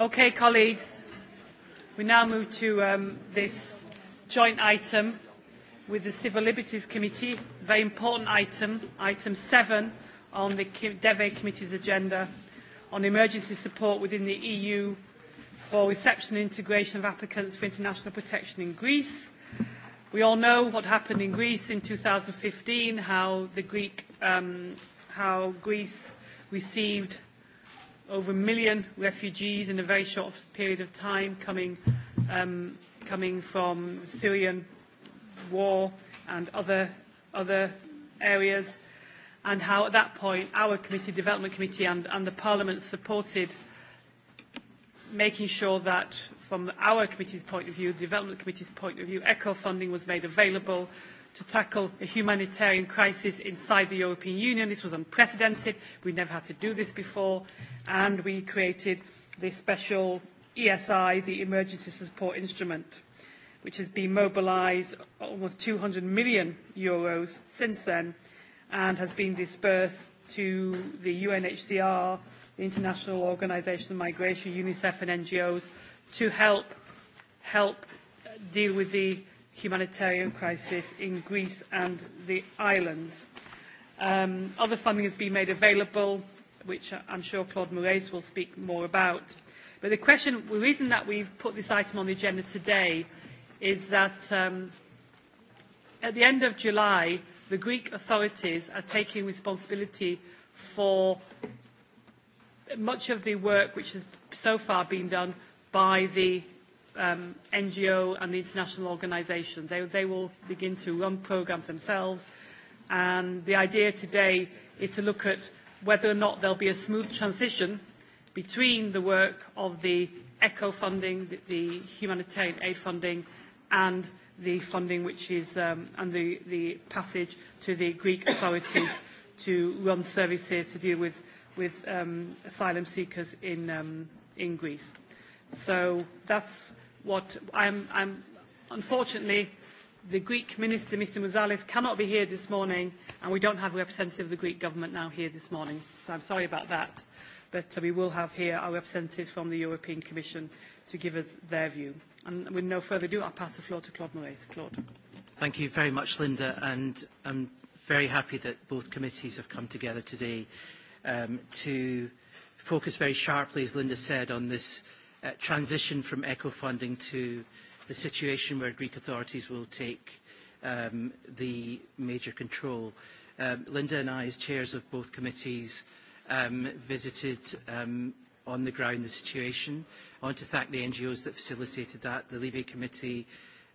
Okay, colleagues, we now move to um, this joint item with the Civil Liberties Committee, very important item, item seven on the DEVE Committee's agenda on emergency support within the EU for reception and integration of applicants for international protection in Greece. We all know what happened in Greece in 2015, how, the Greek, um, how Greece received over a million refugees in a very short period of time coming, um, coming from the Syrian war and other, other areas, and how at that point our committee, Development Committee and, and the Parliament supported making sure that from our committee's point of view, the Development Committee's point of view, ECHO funding was made available to tackle a humanitarian crisis inside the European Union. This was unprecedented. We never had to do this before. And we created this special ESI, the Emergency Support Instrument, which has been mobilised almost 200 million euros since then and has been dispersed to the UNHCR, the International Organisation of Migration, UNICEF and NGOs to help help deal with the humanitarian crisis in Greece and the islands. Um, other funding has been made available, which I'm sure Claude Moraes will speak more about. But the question, the reason that we've put this item on the agenda today is that um, at the end of July, the Greek authorities are taking responsibility for much of the work which has so far been done by the um, NGO and the international organisation. They, they will begin to run programmes themselves. And the idea today is to look at whether or not there'll be a smooth transition between the work of the ECHO funding, the humanitarian aid funding, and the funding which is, um, and the, the passage to the Greek authorities to run services to deal with, with um, asylum seekers in, um, in Greece. So that's what I'm, I'm unfortunately the Greek minister, Mr. Mouzalis, cannot be here this morning, and we don't have a representative of the Greek government now here this morning. So I'm sorry about that, but we will have here our representatives from the European Commission to give us their view. And with no further ado, I'll pass the floor to Claude Moraes. Claude. Thank you very much, Linda, and I'm very happy that both committees have come together today um, to focus very sharply, as Linda said, on this uh, transition from eco funding to the situation where Greek authorities will take um, the major control. Um, Linda and I, as chairs of both committees, um, visited um, on the ground the situation. I want to thank the NGOs that facilitated that. The Libe Committee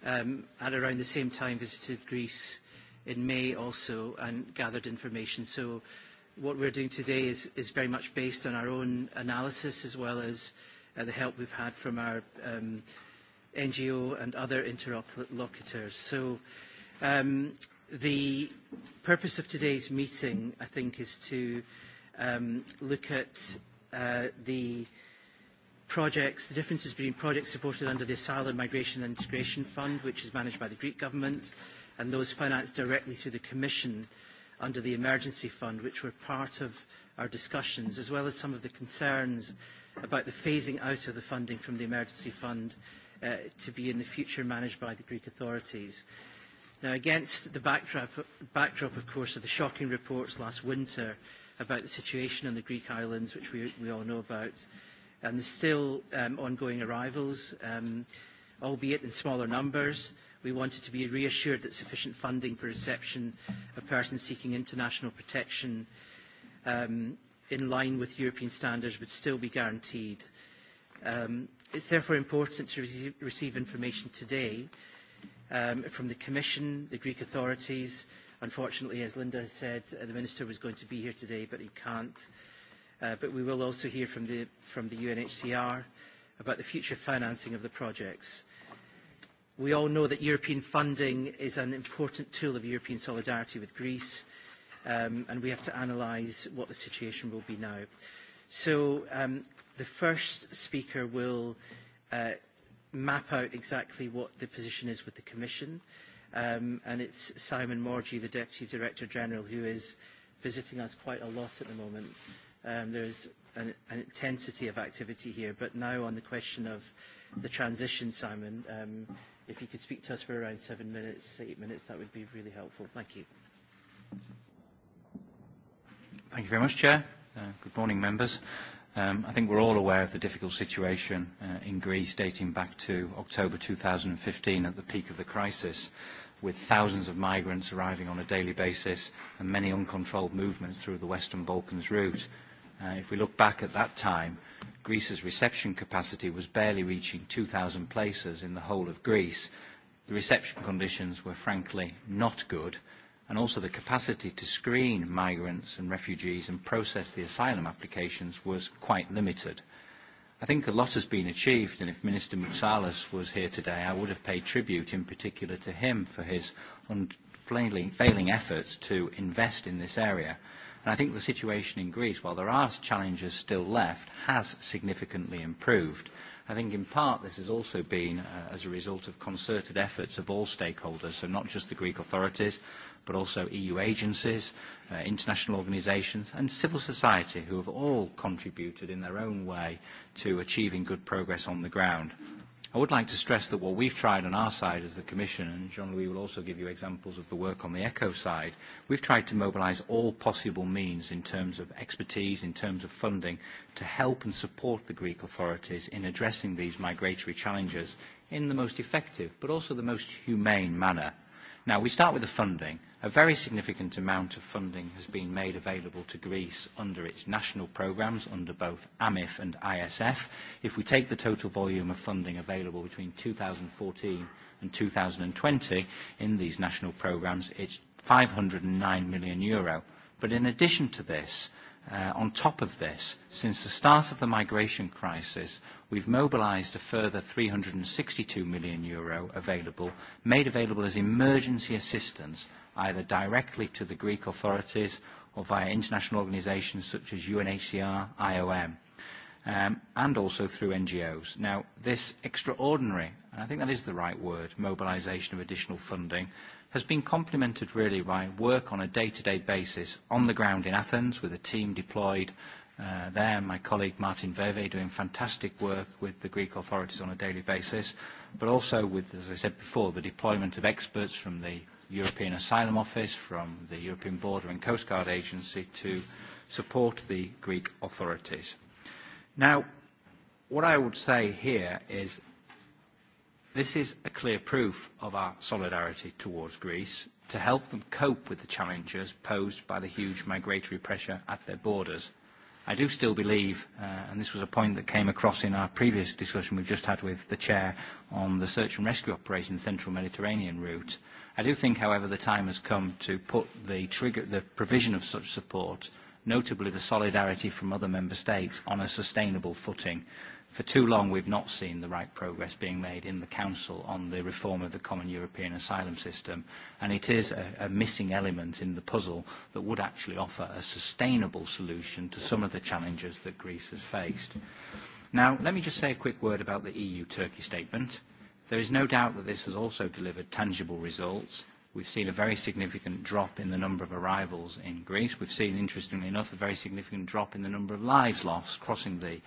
um, at around the same time visited Greece in May also and gathered information. So what we're doing today is, is very much based on our own analysis as well as uh, uh, the help we've had from our um, NGO and other interlocutors. So um, the purpose of today's meeting, I think, is to um, look at uh, the projects, the differences between projects supported under the Asylum Migration and Integration Fund, which is managed by the Greek government, and those financed directly through the Commission under the Emergency Fund, which were part of our discussions, as well as some of the concerns about the phasing out of the funding from the emergency fund uh, to be in the future managed by the Greek authorities. Now, against the backdrop, backdrop, of course, of the shocking reports last winter about the situation on the Greek islands, which we, we all know about, and the still um, ongoing arrivals, um, albeit in smaller numbers, we wanted to be reassured that sufficient funding for reception of persons seeking international protection um, in line with European standards would still be guaranteed. Um, it's therefore important to receive, receive information today um, from the Commission, the Greek authorities. Unfortunately, as Linda has said, uh, the Minister was going to be here today, but he can't. Uh, but we will also hear from the, from the UNHCR about the future financing of the projects. We all know that European funding is an important tool of European solidarity with Greece um, and we have to analyse what the situation will be now. So um, the first speaker will uh, map out exactly what the position is with the Commission, um, and it's Simon Morgie, the Deputy Director General, who is visiting us quite a lot at the moment. Um, there's an, an intensity of activity here, but now on the question of the transition, Simon, um, if you could speak to us for around seven minutes, eight minutes, that would be really helpful. Thank you. Thank you very much, Chair. Good morning, members. I think we're all aware of the difficult situation in Greece dating back to October 2015 at the peak of the crisis, with thousands of migrants arriving on a daily basis and many uncontrolled movements through the Western Balkans route. If we look back at that time, Greece's reception capacity was barely reaching 2,000 places in the whole of Greece. The reception conditions were frankly not good, and also the capacity to screen migrants and refugees and process the asylum applications was quite limited. I think a lot has been achieved, and if Minister Moussalas was here today, I would have paid tribute in particular to him for his unfailing efforts to invest in this area. And I think the situation in Greece, while there are challenges still left, has significantly improved. I think in part this has also been uh, as a result of concerted efforts of all stakeholders, so not just the Greek authorities, but also EU agencies, uh, international organisations and civil society who have all contributed in their own way to achieving good progress on the ground. I would like to stress that what we've tried on our side as the Commission, and Jean-Louis will also give you examples of the work on the ECHO side, we've tried to mobilise all possible means in terms of expertise, in terms of funding, to help and support the Greek authorities in addressing these migratory challenges in the most effective, but also the most humane manner. Now, we start with the funding. A very significant amount of funding has been made available to Greece under its national programmes, under both AMIF and ISF. If we take the total volume of funding available between 2014 and 2020 in these national programmes, it's 509 million euro. But in addition to this, on top of this, since the start of the migration crisis, we've mobilized a further 362 million euro available, made available as emergency assistance, either directly to the Greek authorities or via international organizations such as UNHCR, IOM, um, and also through NGOs. Now, this extraordinary, and I think that is the right word, mobilization of additional funding, has been complemented really by work on a day-to-day basis on the ground in Athens with a team deployed uh, there, my colleague Martin Verve doing fantastic work with the Greek authorities on a daily basis, but also with, as I said before, the deployment of experts from the European Asylum Office, from the European Border and Coast Guard Agency to support the Greek authorities. Now, what I would say here is This is a clear proof of our solidarity towards Greece to help them cope with the challenges posed by the huge migratory pressure at their borders. I do still believe, uh, and this was a point that came across in our previous discussion we've just had with the Chair on the search and rescue operation Central Mediterranean route, I do think, however, the time has come to put the, trigger, the provision of such support, notably the solidarity from other member states, on a sustainable footing for too long we've not seen the right progress being made in the Council on the reform of the common European asylum system, and it is a, a missing element in the puzzle that would actually offer a sustainable solution to some of the challenges that Greece has faced. Now, let me just say a quick word about the EU-Turkey statement. There is no doubt that this has also delivered tangible results, We've seen a very significant drop in the number of arrivals in Greece. We've seen, interestingly enough, a very significant drop in the number of lives lost crossing the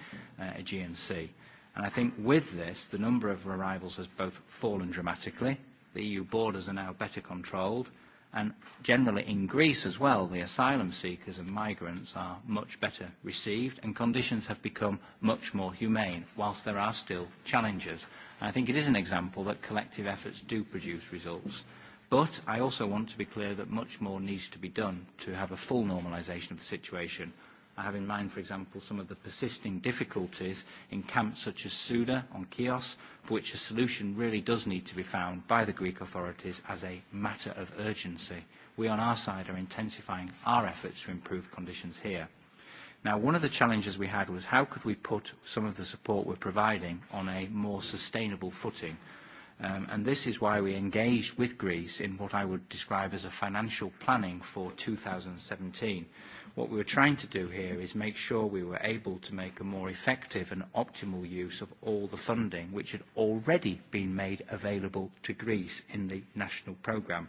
Aegean Sea. And I think with this, the number of arrivals has both fallen dramatically. The EU borders are now better controlled. And generally in Greece as well, the asylum seekers and migrants are much better received and conditions have become much more humane, whilst there are still challenges. And I think it is an example that collective efforts do produce results. But I also want to be clear that much more needs to be done to have a full normalisation of the situation. I have in mind, for example, some of the persisting difficulties in camps such as Suda on Chios, for which a solution really does need to be found by the Greek authorities as a matter of urgency. We on our side are intensifying our efforts to improve conditions here. Now, one of the challenges we had was how could we put some of the support we're providing on a more sustainable footing Um, and this is why we engaged with Greece in what I would describe as a financial planning for 2017. What we were trying to do here is make sure we were able to make a more effective and optimal use of all the funding which had already been made available to Greece in the national programme.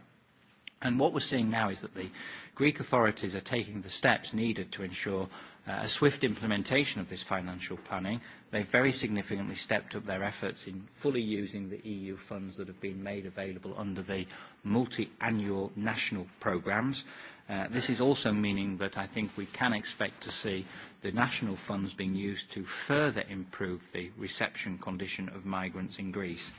And what we're seeing now is that the Greek authorities are taking the steps needed to ensure a swift implementation of this financial planning, they've very significantly stepped up their efforts in fully using the EU funds that have been made available under the multi-annual national programmes. Uh, this is also meaning that I think we can expect to see the national funds being used to further improve the reception condition of migrants in Greece.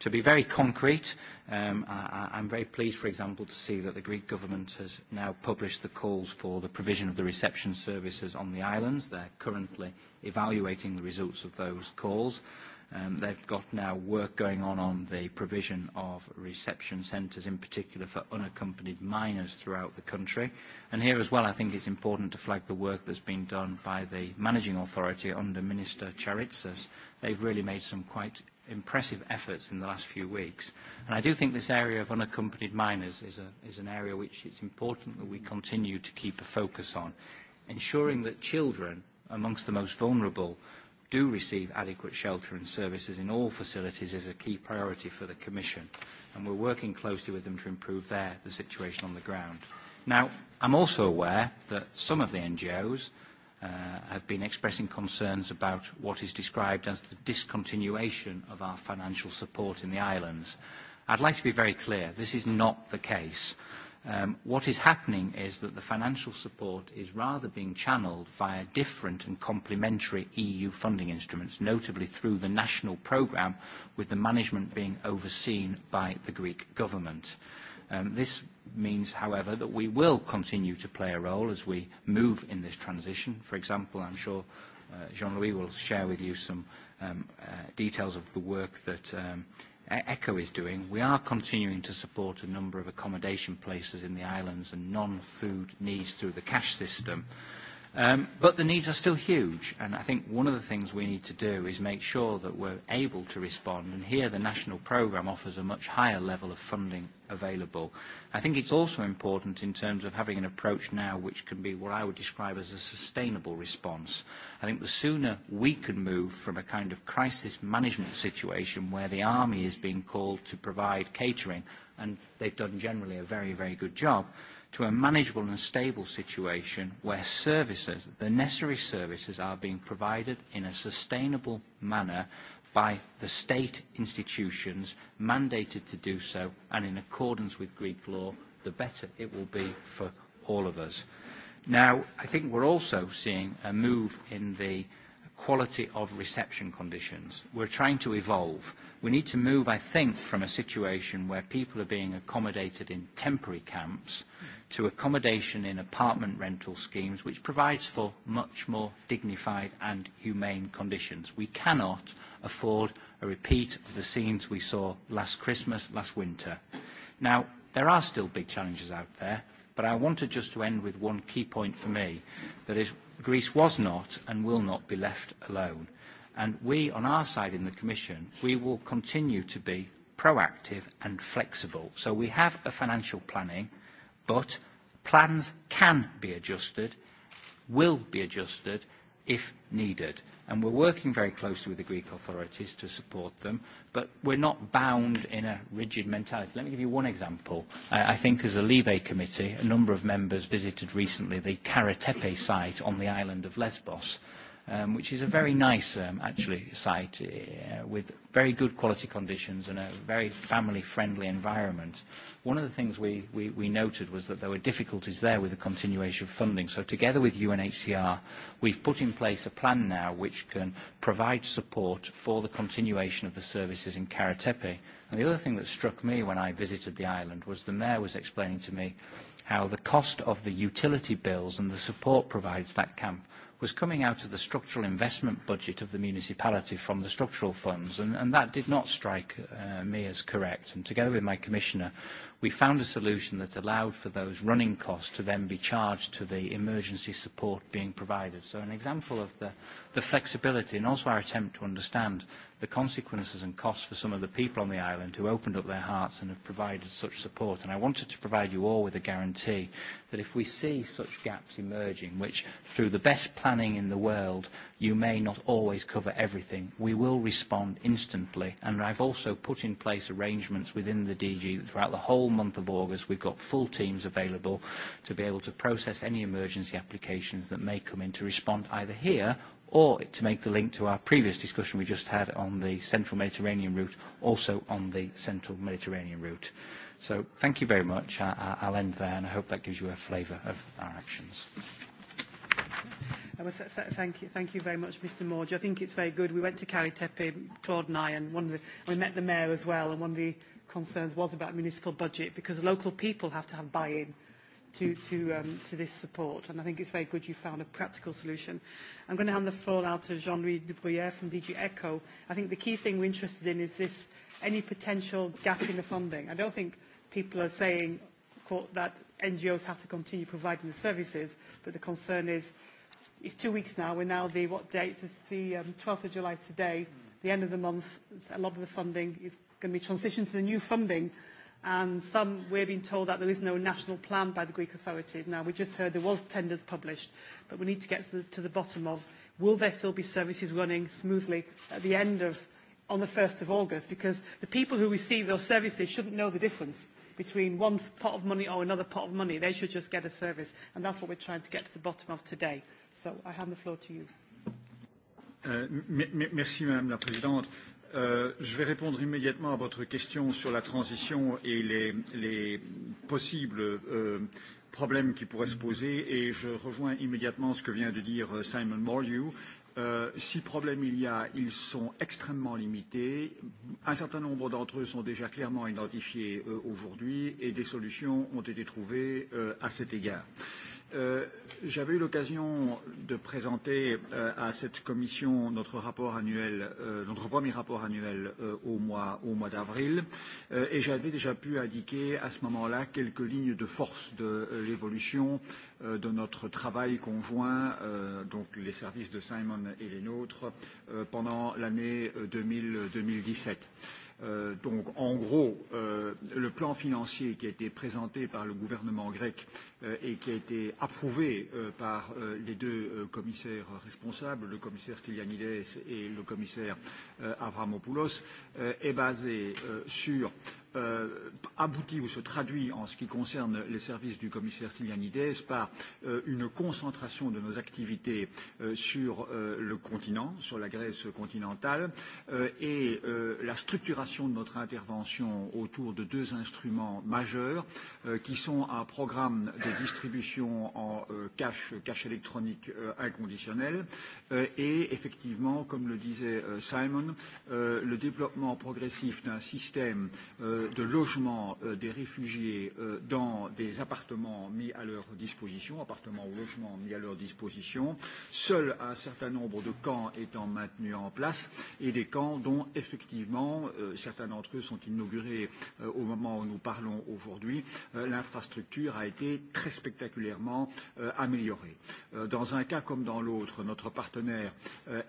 To be very concrete, um, I, I'm very pleased, for example, to see that the Greek government has now published the calls for the provision of the reception services on the islands. They're currently evaluating the results of those calls. Um, they've got now work going on on the provision of reception centres, in particular for unaccompanied minors throughout the country. And here as well, I think it's important to flag the work that's been done by the managing authority under Minister Charitsas. They've really made some quite impressive efforts in the last few weeks. And I do think this area of unaccompanied minors is, a, is an area which it's important that we continue to keep a focus on, ensuring that children, amongst the most vulnerable, do receive adequate shelter and services in all facilities is a key priority for the Commission, and we're working closely with them to improve their, the situation on the ground. Now, I'm also aware that some of the NGOs have been expressing concerns about what is described as the discontinuation of our financial support in the islands. I'd like to be very clear, this is not the case. Um, what is happening is that the financial support is rather being channeled via different and complementary EU funding instruments, notably through the national programme, with the management being overseen by the Greek government. This means, however, that we will continue to play a role as we move in this transition. For example, I'm sure Jean-Louis will share with you some details of the work that ECHO is doing. We are continuing to support a number of accommodation places in the islands and non-food needs through the cash system. Um, but the needs are still huge, and I think one of the things we need to do is make sure that we're able to respond, and here the national programme offers a much higher level of funding available. I think it's also important in terms of having an approach now which can be what I would describe as a sustainable response. I think the sooner we can move from a kind of crisis management situation where the army is being called to provide catering, and they've done generally a very, very good job, to a manageable and stable situation where services, the necessary services are being provided in a sustainable manner by the state institutions mandated to do so and in accordance with Greek law, the better it will be for all of us. Now, I think we're also seeing a move in the quality of reception conditions. We're trying to evolve. We need to move, I think, from a situation where people are being accommodated in temporary camps to accommodation in apartment rental schemes, which provides for much more dignified and humane conditions. We cannot afford a repeat of the scenes we saw last Christmas, last winter. Now, there are still big challenges out there, but I wanted just to end with one key point for me, that is Greece was not and will not be left alone. And we, on our side in the Commission, we will continue to be proactive and flexible. So we have a financial planning But plans can be adjusted, will be adjusted if needed. And we're working very closely with the Greek authorities to support them, but we're not bound in a rigid mentality. Let me give you one example. I, I think as a Libe committee, a number of members visited recently the Karatepe site on the island of Lesbos um, which is a very nice, um, actually, site uh, with very good quality conditions and a very family-friendly environment. One of the things we, we, we noted was that there were difficulties there with the continuation of funding. So together with UNHCR, we've put in place a plan now which can provide support for the continuation of the services in Karatepe. And the other thing that struck me when I visited the island was the mayor was explaining to me how the cost of the utility bills and the support provided to that camp was coming out of the structural investment budget of the municipality from the structural funds, and, and that did not strike uh, me as correct. And together with my commissioner, we found a solution that allowed for those running costs to then be charged to the emergency support being provided. So an example of the, the flexibility and also our attempt to understand the consequences and costs for some of the people on the island who opened up their hearts and have provided such support. And I wanted to provide you all with a guarantee that if we see such gaps emerging, which through the best planning in the world you may not always cover everything. We will respond instantly, and I've also put in place arrangements within the DG that throughout the whole month of August we've got full teams available to be able to process any emergency applications that may come in to respond either here or to make the link to our previous discussion we just had on the central Mediterranean route, also on the central Mediterranean route. So thank you very much. I, I, I'll end there, and I hope that gives you a flavour of our actions. Thank you. Thank you very much, Mr. Morge. I think it's very good. We went to Caritepe, Claude and I, and one of the, we met the mayor as well, and one of the concerns was about municipal budget because local people have to have buy-in to, to, um, to this support. And I think it's very good you found a practical solution. I'm going to hand the floor now to Jean-Louis de Bruyere from DG ECHO. I think the key thing we're interested in is this, any potential gap in the funding. I don't think people are saying quote, that NGOs have to continue providing the services, but the concern is It's two weeks now. We're now the, what date? It's the um, 12th of July today, the end of the month. A lot of the funding is going to be transitioned to the new funding. And some, we're being told that there is no national plan by the Greek authorities. Now, we just heard there was tenders published, but we need to get to the, to the bottom of will there still be services running smoothly at the end of, on the 1st of August? Because the people who receive those services shouldn't know the difference between one pot of money or another pot of money. They should just get a service, and that's what we're trying to get to the bottom of today. So I hand the floor to you. Merci, Madame la Présidente. Je vais répondre immédiatement à votre question sur la transition et les possibles problèmes qui pourraient se poser, et je rejoins immédiatement ce que vient de dire Simon Mordew si problème il y a, ils sont extrêmement limités. Un certain nombre d'entre eux sont déjà clairement identifiés aujourd'hui et des solutions ont été trouvées à cet égard. Euh, J'avais eu l'occasion de présenter à cette commission notre rapport annuel, notre premier rapport annuel au mois, au mois d'avril, et j'avais déjà pu indiquer à ce moment-là quelques lignes de force de l'évolution de notre travail conjoint, donc les services de Simon et les nôtres, pendant l'année 2017 donc, en gros, le plan financier qui a été présenté par le gouvernement grec et qui a été approuvé par les deux commissaires responsables, le commissaire Stylianides et le commissaire Avramopoulos, est basé sur aboutit ou se traduit en ce qui concerne les services du commissaire Stylianides par une concentration de nos activités sur le continent, sur la Grèce continentale, et la structuration de notre intervention autour de deux instruments majeurs qui sont un programme de distribution en cash, cash électronique inconditionnel. Et effectivement, comme le disait Simon, le développement progressif d'un système de logement des réfugiés dans des appartements mis à leur disposition, appartements ou logements mis à leur disposition, seul un certain nombre de camps étant maintenus en place et des camps dont effectivement certains d'entre eux sont inaugurés au moment où nous parlons aujourd'hui, l'infrastructure a été très très spectaculairement Euh, Dans un cas comme dans l'autre, notre partenaire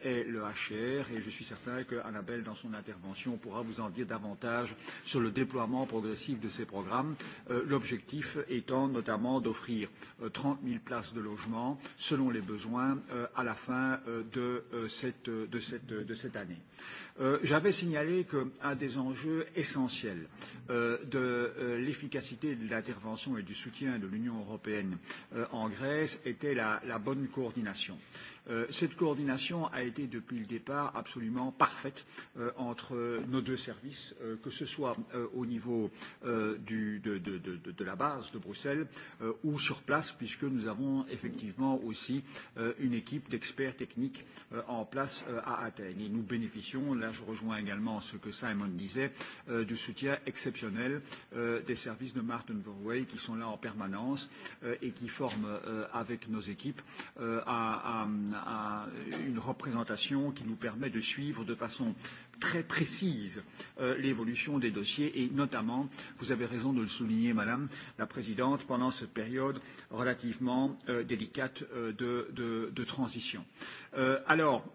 est le HR et je suis certain qu'Annabelle, dans son intervention, pourra vous en dire davantage sur le déploiement progressif de ces programmes, l'objectif étant notamment d'offrir 30 000 places de logement selon les besoins à la fin de cette, de cette, de cette année. J'avais signalé qu'un des enjeux essentiels de l'efficacité de l'intervention et du soutien de l'Union européenne en Grèce était la, bonne coordination. Cette coordination a été depuis le départ absolument parfaite entre nos deux services, que ce soit au niveau du, de, de, de, de la base de Bruxelles ou sur place, puisque nous avons effectivement aussi une équipe d'experts techniques en place à Athènes. Et nous bénéficions, là je rejoins également ce que Simon disait, du soutien exceptionnel des services de Martin Verway qui sont là en permanence et qui forment avec nos équipes un à une représentation qui nous permet de suivre de façon très précise l'évolution des dossiers et notamment, vous avez raison de le souligner, Madame la Présidente, pendant cette période relativement délicate de, transition. alors,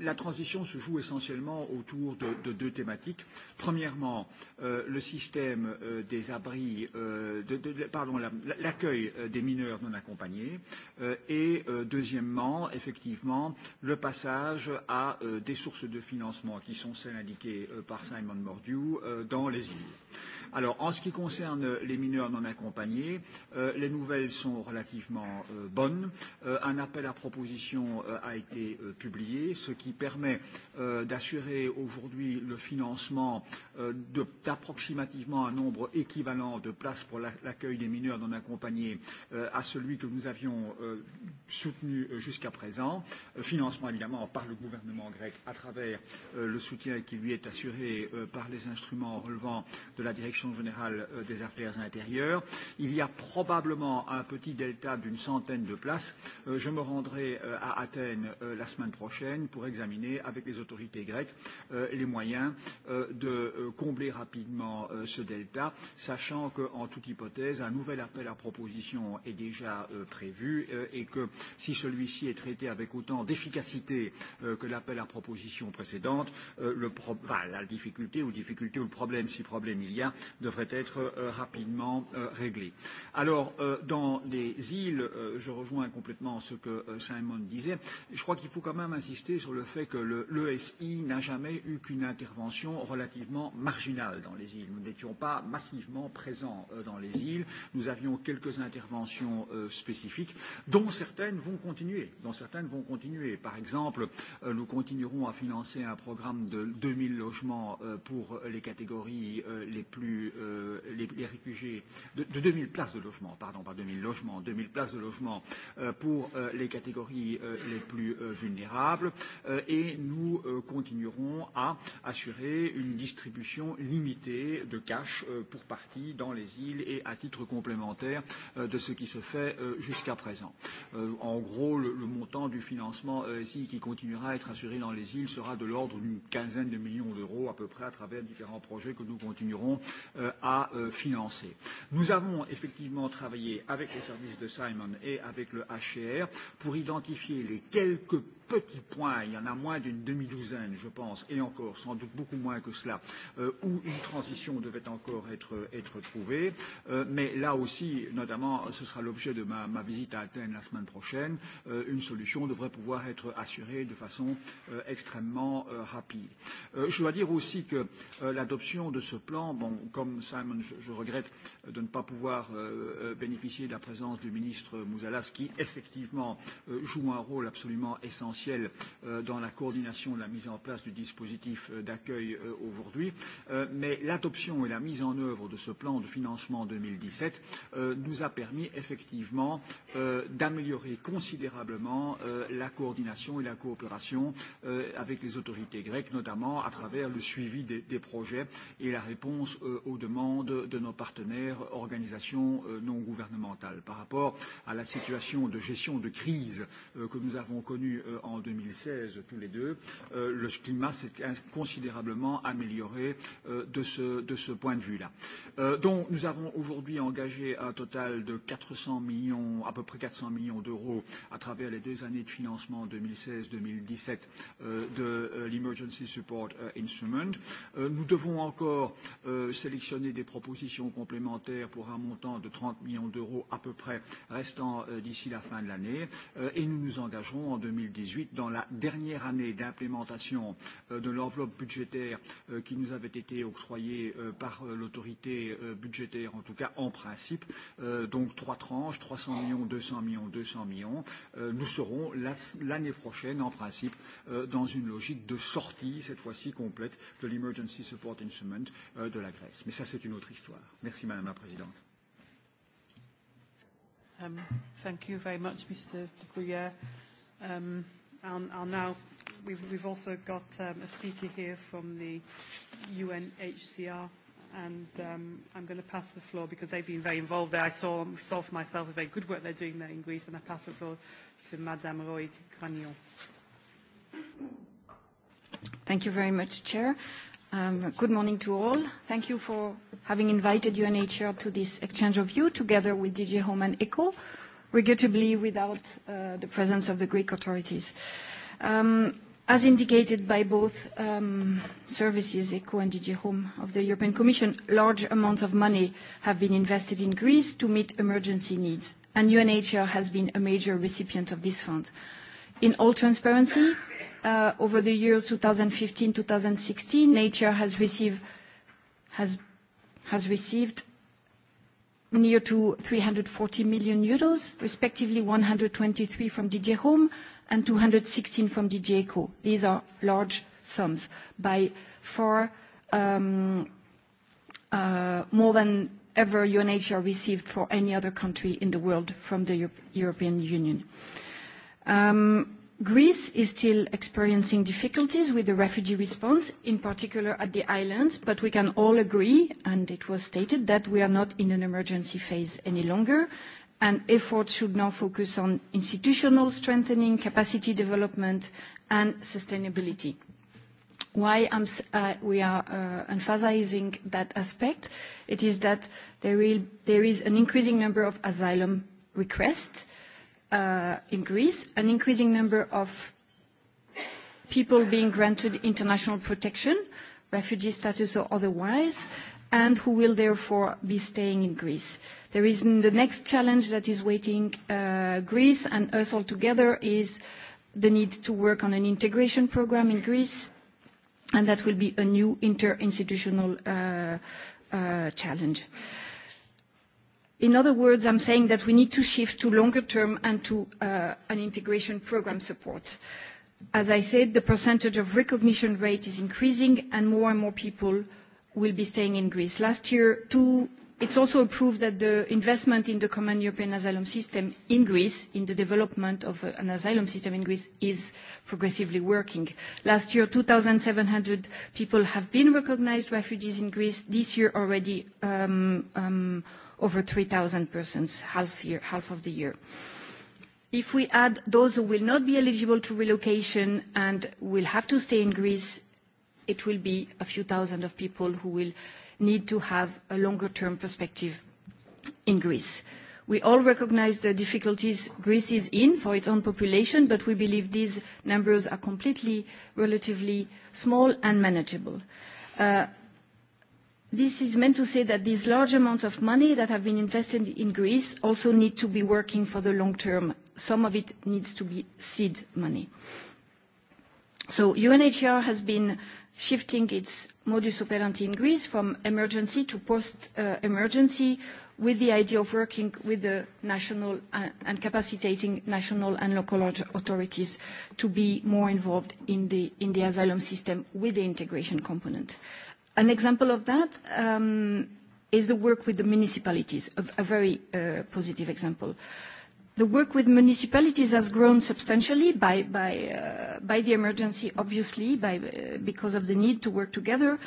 la transition se joue essentiellement autour de, de deux thématiques. Premièrement, euh, le système euh, des abris, euh, de, de, de, pardon, l'accueil la, des mineurs non accompagnés, euh, et euh, deuxièmement, effectivement, le passage à euh, des sources de financement qui sont celles indiquées euh, par Simon Mordieu euh, dans les îles. Alors, en ce qui concerne les mineurs non accompagnés, euh, les nouvelles sont relativement euh, bonnes. Euh, un appel à proposition euh, a été euh, publié, ce qui permet euh, d'assurer aujourd'hui le financement euh, d'approximativement un nombre équivalent de places pour l'accueil des mineurs non accompagnés euh, à celui que nous avions euh, soutenu jusqu'à présent. Euh, financement évidemment par le gouvernement grec à travers euh, le soutien qui lui est assuré euh, par les instruments relevant de la direction direction générale des affaires intérieures. Il y a probablement un petit delta d'une centaine de places. Je me rendrai à Athènes la semaine prochaine pour examiner avec les autorités grecques les moyens de combler rapidement ce delta, sachant qu'en toute hypothèse, un nouvel appel à proposition est déjà prévu et que si celui-ci est traité avec autant d'efficacité que l'appel à proposition précédente, le pro... enfin, la difficulté ou difficulté ou le problème, si problème il y a, devrait être rapidement réglé. Alors, dans les îles, je rejoins complètement ce que Simon disait. Je crois qu'il faut quand même insister sur le fait que l'ESI n'a jamais eu qu'une intervention relativement marginale dans les îles. Nous n'étions pas massivement présents dans les îles. Nous avions quelques interventions spécifiques, dont certaines vont continuer. Dont certaines vont continuer. Par exemple, nous continuerons à financer un programme de 2000 logements pour les catégories les plus euh, les, les réfugiés, de, de 2000 places de logement, pardon, pas 2000 logements, 2000 places de logement euh, pour euh, les catégories euh, les plus euh, vulnérables euh, et nous euh, continuerons à assurer une distribution limitée de cash euh, pour partie dans les îles et à titre complémentaire euh, de ce qui se fait euh, jusqu'à présent. Euh, en gros, le, le montant du financement euh, qui continuera à être assuré dans les îles sera de l'ordre d'une quinzaine de millions d'euros à peu près à travers différents projets que nous continuerons à financer. Nous avons effectivement travaillé avec les services de Simon et avec le HCR pour identifier les quelques petits points, il y en a moins d'une demi-douzaine, je pense, et encore, sans doute beaucoup moins que cela, euh, où une transition devait encore être, être trouvée. Euh, mais là aussi, notamment, ce sera l'objet de ma, ma visite à Athènes la semaine prochaine, euh, une solution devrait pouvoir être assurée de façon euh, extrêmement euh, rapide. Euh, je dois dire aussi que euh, l'adoption de ce plan, bon, comme Simon, je, je regrette de ne pas pouvoir euh, bénéficier de la présence du ministre Mouzalas, qui effectivement euh, joue un rôle absolument essentiel essentiel dans la coordination de la mise en place du dispositif d'accueil aujourd'hui. Mais l'adoption et la mise en œuvre de ce plan de financement 2017 nous a permis effectivement d'améliorer considérablement la coordination et la coopération avec les autorités grecques, notamment à travers le suivi des, projets et la réponse aux demandes de nos partenaires organisations non gouvernementales. Par rapport à la situation de gestion de crise que nous avons connue en 2016 tous les deux, le climat s'est considérablement amélioré de ce, de ce point de vue-là. donc nous avons aujourd'hui engagé un total de 400 millions, à peu près 400 millions d'euros à travers les deux années de financement 2016-2017 de l'Emergency Support Instrument. nous devons encore sélectionner des propositions complémentaires pour un montant de 30 millions d'euros à peu près restant d'ici la fin de l'année et nous nous engagerons en 2018 2018, dans la dernière année d'implémentation de l'enveloppe budgétaire qui nous avait été octroyée par l'autorité budgétaire, en tout cas en principe. Donc trois tranches, 300 millions, 200 millions, 200 millions. Nous serons l'année prochaine, en principe, dans une logique de sortie, cette fois-ci complète, de l'Emergency Support Instrument de la Grèce. Mais ça, c'est une autre histoire. Merci, Madame la Présidente. Um, thank you very much, Mr. de Um, I'll, I'll now, we've, we've also got um, a speaker here from the UNHCR and um, I'm going to pass the floor because they've been very involved there. I saw, saw for myself the very good work they're doing there in Greece, and I pass the floor to Madame Roy Granion. Thank you very much, Chair. Um, good morning to all. Thank you for having invited UNHCR to this exchange of view together with DJ Home and ECHO, regrettably without the presence of the Greek authorities. As indicated by both services, ECHO and DG Home of the European Commission, large amounts of money have been invested in Greece to meet emergency needs, and UNHCR has been a major recipient of this fund. In all transparency, over the years 2015-2016, UNHCR has received near to 340 million euros, respectively 123 from DG Home and 216 from DG Eco. These are large sums by far more than ever UNHCR received for any other country in the world from the European Union. Greece is still experiencing difficulties with the refugee response, in particular at the islands, but we can all agree, and it was stated, that we are not in an emergency phase any longer, and efforts should now focus on institutional strengthening, capacity development, and sustainability. Why I'm we are emphasizing that aspect, it is that there is an increasing number of asylum requests, in Greece, an increasing number of people being granted international protection, refugee status or otherwise, and who will therefore be staying in Greece. There is the next challenge that is waiting Greece and us all together is the need to work on an integration program in Greece, and that will be a new interinstitutional challenge. In other words, I'm saying that we need to shift to longer term and to an integration program support. As I said, the percentage of recognition rate is increasing, and more and more people will be staying in Greece. Last year, two It's also a proof that the investment in the common European asylum system in Greece, in the development of an asylum system in Greece, is progressively working. Last year, 2,700 people have been recognized refugees in Greece. This year already, um, um, over 3,000 persons half, of the year. If we add those who will not be eligible to relocation and will have to stay in Greece, it will be a few thousand of people who will need to have a longer-term perspective in Greece. We all recognize the difficulties Greece is in for its own population, but we believe these numbers are completely relatively small and manageable. This is meant to say that these large amounts of money that have been invested in Greece also need to be working for the long term. Some of it needs to be seed money. So UNHCR has been shifting its modus operandi in Greece from emergency to post-emergency with the idea of working with the national and capacitating national and local authorities to be more involved in the asylum system with the integration component. An example of that is the work with the municipalities, a, very uh, positive example. The work with municipalities has grown substantially by, by, uh, by the emergency, obviously, by, uh, because of the need to work together,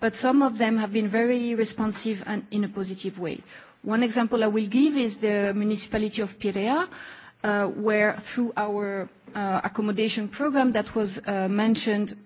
but some of them have been very responsive and in a positive way. One example I will give is the municipality of Pirea, uh, where through our uh, accommodation program that was uh, mentioned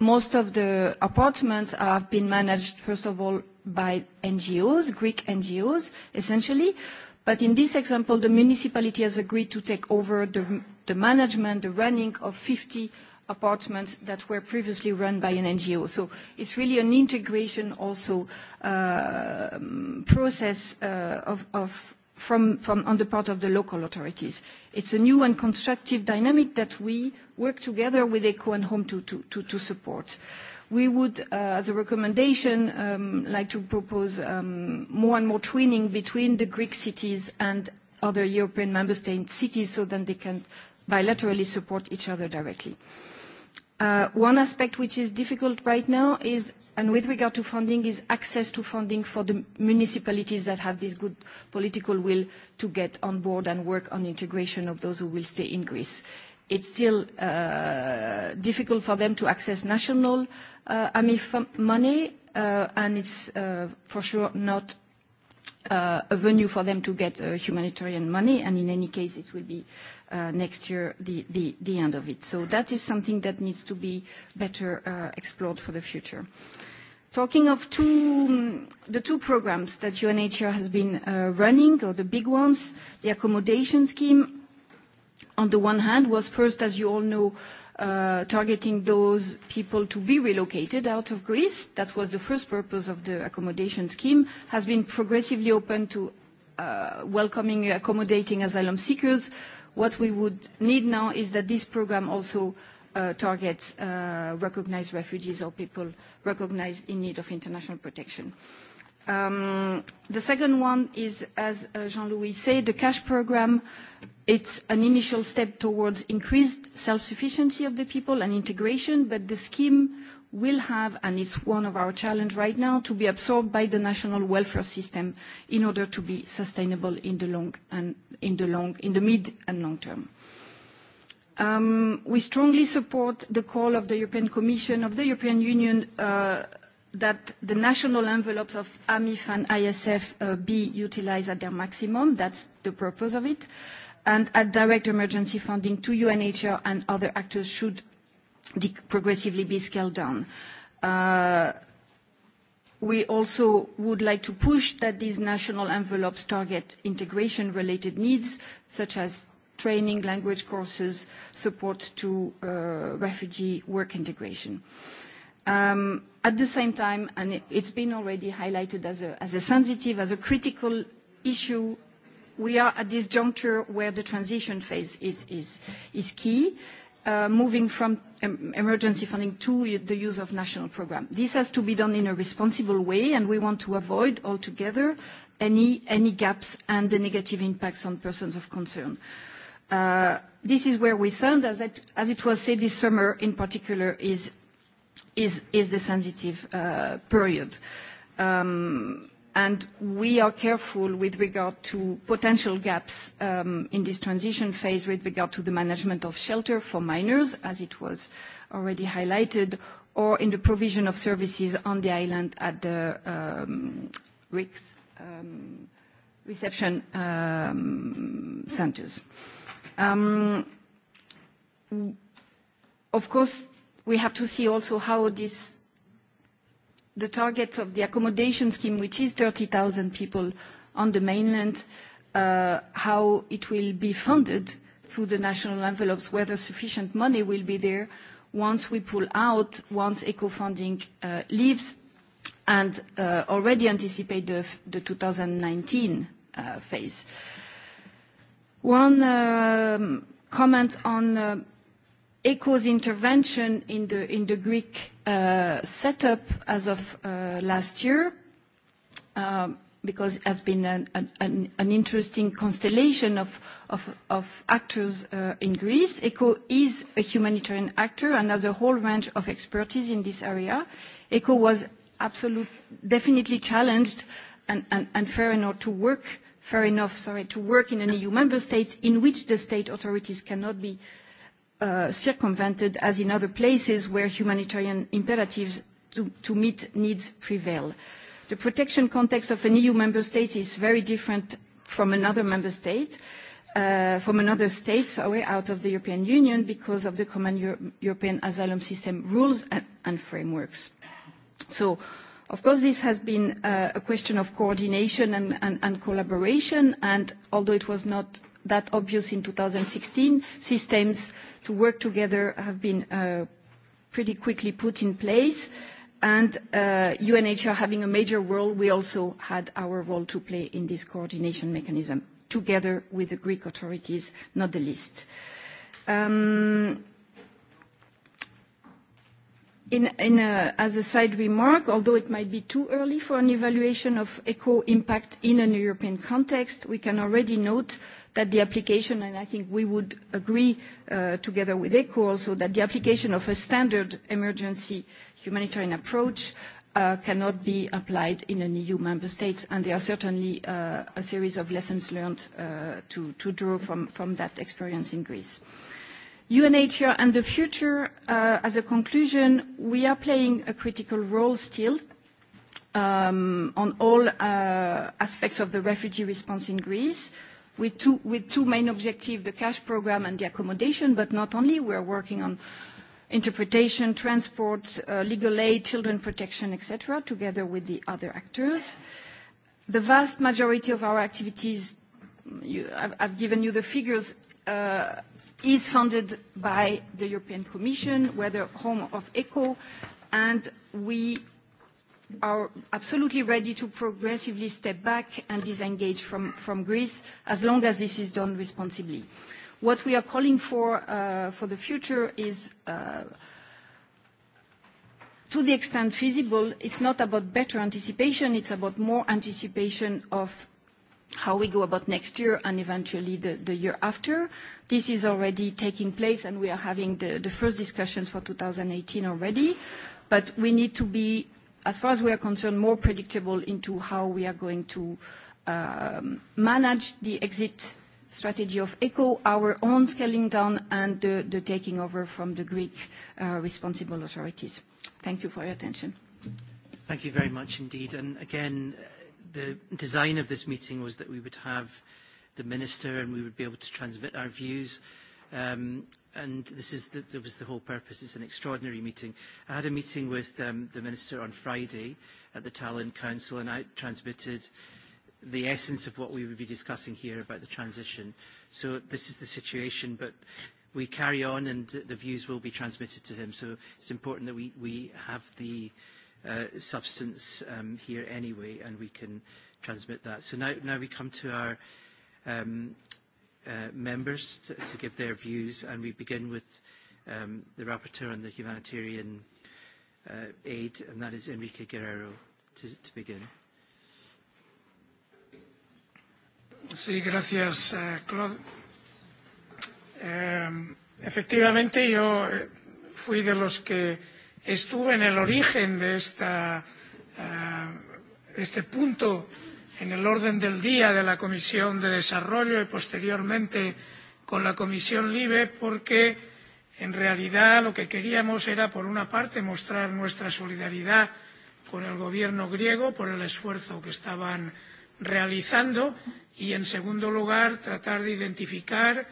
most of the apartments have been managed, first of all, by NGOs, Greek NGOs, essentially. But in this example, the municipality has agreed to take over the, the management, the running of 50 apartments that were previously run by an NGO. So it's really an integration also uh, process uh, of, of from on the part of the local authorities. It's a new and constructive dynamic that we work together with ECHO and Home to support. We would, as a recommendation, like to propose more and more twinning between the Greek cities and other European member state cities so that they can bilaterally support each other directly. One aspect which is difficult right now is And with regard to funding is access to funding for the municipalities that have this good political will to get on board and work on integration of those who will stay in Greece. It's still uh, difficult for them to access national uh, AMIF money, uh, and it's uh, for sure not uh, a venue for them to get uh, humanitarian money, and in any case it will be uh, next year the, the, the end of it. So that is something that needs to be better uh, explored for the future. Uh, Talking of two, the two programs that UNHCR has been uh, running, or the big ones, the accommodation scheme, on the one hand, was first, as you all know, uh, targeting those people to be relocated out of Greece. That was the first purpose of the accommodation scheme, has been progressively open to uh, welcoming, accommodating asylum seekers. What we would need now is that this program also targets recognized refugees or people recognized in need of international protection. The second one is, as Jean-Louis said, the cash program, it's an initial step towards increased self-sufficiency of the people and integration, but the scheme will have, and it's one of our challenge right now, to be absorbed by the national welfare system in order to be sustainable in the long and in the long, in the mid and long term we strongly support the call of the European Commission, of the European Union, that the national envelopes of AMIF and ISF be utilised at their maximum. That's the purpose of it. And that direct emergency funding to UNHCR and other actors should progressively be scaled down. We also would like to push that these national envelopes target integration-related needs, such as training, language courses, support to refugee work integration. At the same time, and it's been already highlighted as a sensitive, as a critical issue, we are at this juncture where the transition phase is key, moving from emergency funding to the use of national program. This has to be done in a responsible way, and we want to avoid altogether any gaps and the negative impacts on persons of concern. This is where we stand. As it was said this summer, in particular, is the sensitive period. And we are careful with regard to potential gaps in this transition phase with regard to the management of shelter for minors, as it was already highlighted, or in the provision of services on the island at the RICS reception centers. Of course, we have to see also how this, the target of the accommodation scheme, which is 30,000 people on the mainland, how it will be funded through the national envelopes, whether sufficient money will be there once we pull out, once eco-funding leaves, and already anticipate the 2019 phase. One comment on ECHO's intervention in the in the Greek setup as of last year, because it has been an interesting constellation of actors in Greece. ECHO is a humanitarian actor and has a whole range of expertise in this area. ECHO was absolutely, definitely challenged and fair enough to work fair enough, sorry, to work in an EU member state in which the state authorities cannot be circumvented as in other places where humanitarian imperatives to, meet needs prevail. The protection context of an EU member state is very different from another member state, from another state, sorry, out of the European Union because of the common European asylum system rules and, frameworks. So Of course, this has been a question of coordination and collaboration, and although it was not that obvious in 2016, systems to work together have been pretty quickly put in place. and UNHCR having a major role, we also had our role to play in this coordination mechanism, together with the Greek authorities, not the least. As a side remark, although it might be too early for an evaluation of eco impact in a European context, we can already note that the application, and I think we would agree together with ECHO also, that the application of a standard emergency humanitarian approach cannot be applied in an EU member State, and there are certainly a series of lessons learned to draw from that experience in Greece. UNHCR and the future, as a conclusion, we are playing a critical role still on all aspects of the refugee response in Greece with two main objectives, the cash program and the accommodation, but not only. We are working on interpretation, transport, legal aid, children protection, et cetera, together with the other actors. The vast majority of our activities, I've given you the figures, is funded by the European Commission, we're the home of ECHO, and we are absolutely ready to progressively step back and disengage from Greece as long as this is done responsibly. What we are calling for for the future is, to the extent feasible, it's not about better anticipation, it's about more anticipation of how we go about next year and eventually the year after. This is already taking place, and we are having the first discussions for 2018 already. But we need to be, as far as we are concerned, more predictable into how we are going to manage the exit strategy of ECO, our own scaling down, and the taking over from the Greek responsible authorities. Thank you for your attention. Thank you very much indeed. again, the design of this meeting was that we would have the minister and we would be able to transmit our views. Um, and this is the, that was the whole purpose. It's an extraordinary meeting. I had a meeting with um, the minister on Friday at the Tallinn Council, and I transmitted the essence of what we would be discussing here about the transition. So this is the situation, but we carry on, and the views will be transmitted to him. So it's important that we, we have the uh, uh, substance um, here anyway, and we can transmit that. So now, now we come to our um, uh, members to, to give their views, and we begin with um, the rapporteur on the humanitarian uh, aid, and that is Enrique Guerrero to, to begin. Sí, gracias, uh, Claude. efectivamente, yo fui de los que estuvo en el origen de este punto en el orden del día de la Comisión de Desarrollo y posteriormente con la Comisión LIBE porque en realidad lo que queríamos era, por una parte, mostrar nuestra solidaridad con el gobierno griego por el esfuerzo que estaban realizando y, en segundo lugar, tratar de identificar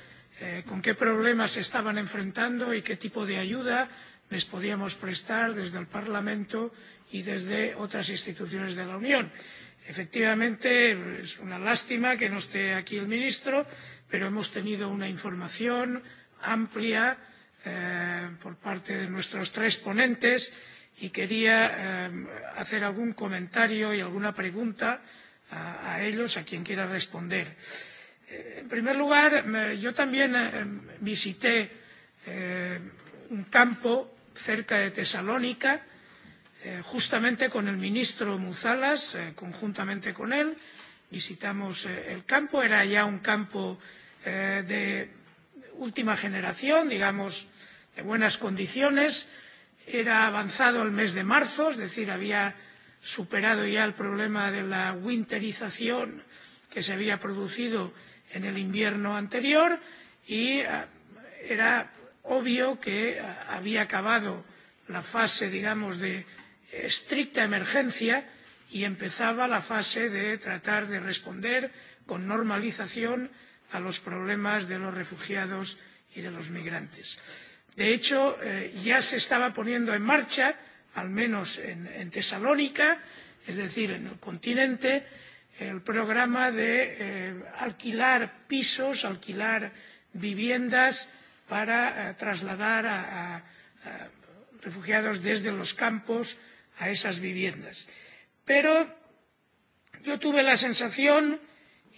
con qué problemas se estaban enfrentando y qué tipo de ayuda les podíamos prestar desde el parlamento y desde otras instituciones de la unión. efectivamente es una lástima que no esté aquí el ministro pero hemos tenido una información amplia por parte de nuestros tres ponentes y quería hacer algún comentario y alguna pregunta a ellos a quien quiera responder. en primer lugar yo también visité un campo cerca de Tesalónica, justamente con el ministro Muzalas, conjuntamente con él, visitamos el campo. Era ya un campo de última generación, digamos, de buenas condiciones. Era avanzado el mes de marzo, es decir, había superado ya el problema de la winterización que se había producido en el invierno anterior y era obvio que había acabado la fase digamos de estricta emergencia y empezaba la fase de tratar de responder con normalización a los problemas de los refugiados y de los migrantes. De hecho, ya se estaba poniendo en marcha, al menos en, Tesalónica, es decir, en el continente, el programa de alquilar pisos, alquilar viviendas para trasladar a, refugiados desde los campos a esas viviendas. Pero yo tuve la sensación,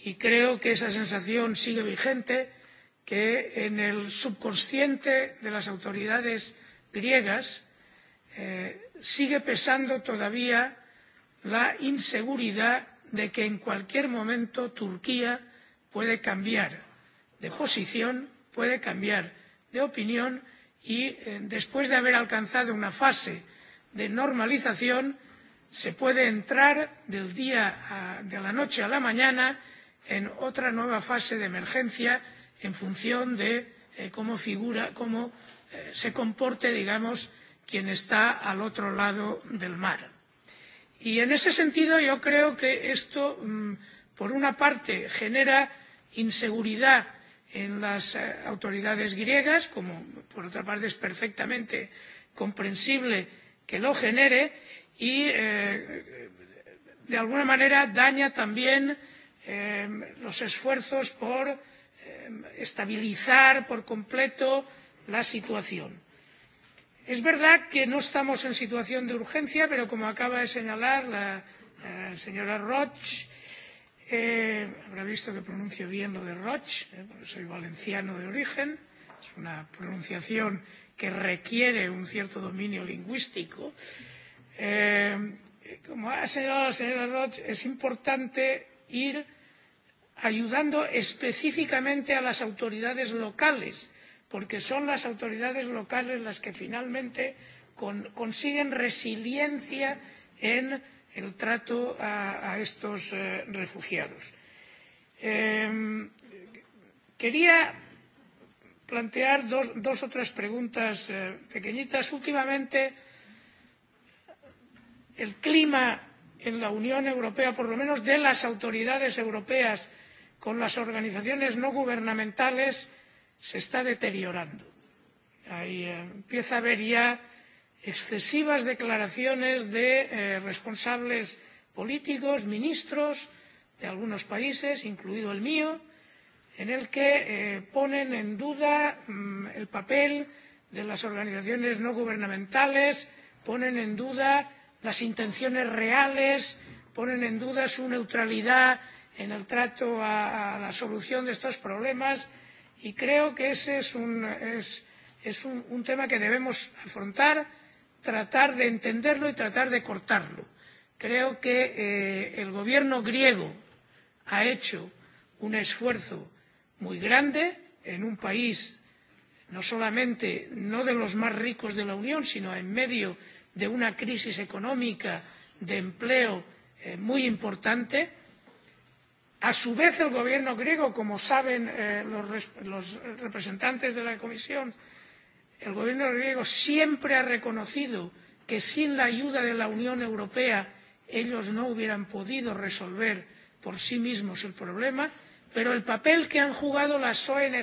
y creo que esa sensación sigue vigente, que en el subconsciente de las autoridades griegas sigue pesando todavía la inseguridad de que en cualquier momento Turquía puede cambiar de posición, puede cambiar de opinión y después de haber alcanzado una fase de normalización se puede entrar de la noche a la mañana en otra nueva fase de emergencia en función de cómo se comporte digamos quien está al otro lado del mar. y en ese sentido yo creo que esto por una parte genera inseguridad en las autoridades griegas como por otra parte es perfectamente comprensible que lo genere y de alguna manera daña también los esfuerzos por estabilizar por completo la situación. Es verdad que no estamos en situación de urgencia, pero como acaba de señalar la señora Roche, habrá visto que pronuncio bien lo de Roch, porque soy valenciano de origen. Es una pronunciación que requiere un cierto dominio lingüístico. como ha señalado la señora Roch, es importante ir ayudando específicamente a las autoridades locales, porque son las autoridades locales las que finalmente consiguen resiliencia en el trato a, a estos eh, refugiados. Eh, quería plantear dos, dos o tres preguntas eh, pequeñitas. Últimamente, el clima en la Unión Europea, por lo menos de las autoridades europeas con las organizaciones no gubernamentales, se está deteriorando. Ahí empieza a haber ya excesivas declaraciones de responsables políticos, ministros de algunos países, incluido el mío, en el que ponen en duda el papel de las organizaciones no gubernamentales, ponen en duda las intenciones reales, ponen en duda su neutralidad en el trato a, la solución de estos problemas y creo que ese es un tema que debemos afrontar tratar de entenderlo y tratar de cortarlo. Creo que eh, el gobierno griego ha hecho un esfuerzo muy grande en un país no solamente no de los más ricos de la Unión, sino en medio de una crisis económica de empleo eh, muy importante. A su vez, el gobierno griego, como saben eh, los, los representantes de la Comisión, eh, el gobierno griego siempre ha reconocido que sin la ayuda de la unión europea ellos no hubieran podido resolver por sí mismos el problema pero el papel que han jugado las ong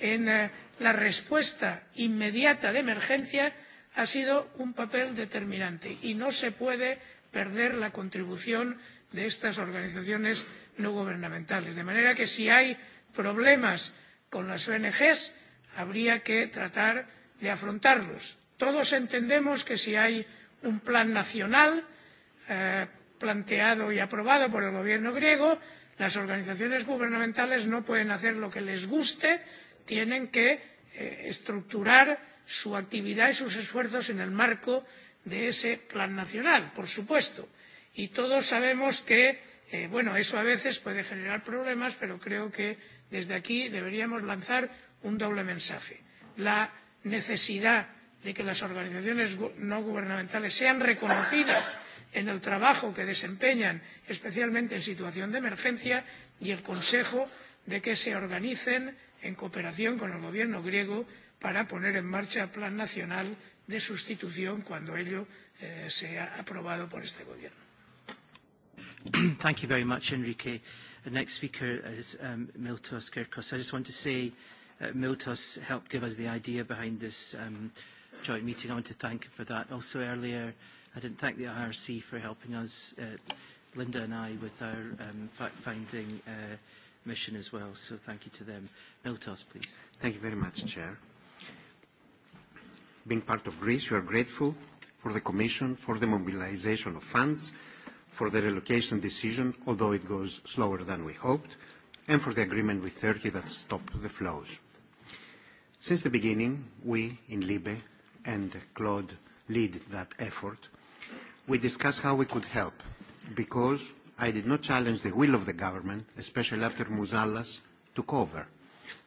en la respuesta inmediata de emergencia ha sido un papel determinante y no se puede perder la contribución de estas organizaciones no gubernamentales de manera que si hay problemas con las ong habría que tratar de afrontarlos. Todos entendemos que si hay un plan nacional planteado y aprobado por el gobierno griego, las organizaciones gubernamentales no pueden hacer lo que les guste, tienen que estructurar su actividad y sus esfuerzos en el marco de ese plan nacional, por supuesto. Y todos sabemos que bueno, eso a veces puede generar problemas, pero creo que desde aquí deberíamos lanzar un doble mensaje la necesidad de que las organizaciones no gubernamentales sean reconocidas en el trabajo que desempeñan especialmente en situación de emergencia y el consejo de que se organicen en cooperación con el gobierno griego para poner en marcha el plan nacional de sustitución cuando ello sea aprobado por este gobierno. Thank you very much, Enrique. The next speaker is um, Miltos Kirkos. I just want to say Miltos helped give us the idea behind this um, joint meeting. I want to thank him for that. Also earlier, I didn't thank the IRC for helping us, uh, Linda and I, with our um, fact-finding uh, mission as well. So thank you to them. Miltos, please. Thank you very much, Chair. Being part of Greece, we are grateful for the Commission for the mobilization of funds, for the relocation decision, although it goes slower than we hoped, and for the agreement with Turkey that stopped the flows. Since the beginning, we in Libe and Claude lead that effort. We discussed how we could help because I did not challenge the will of the government, especially after Muzalas took over.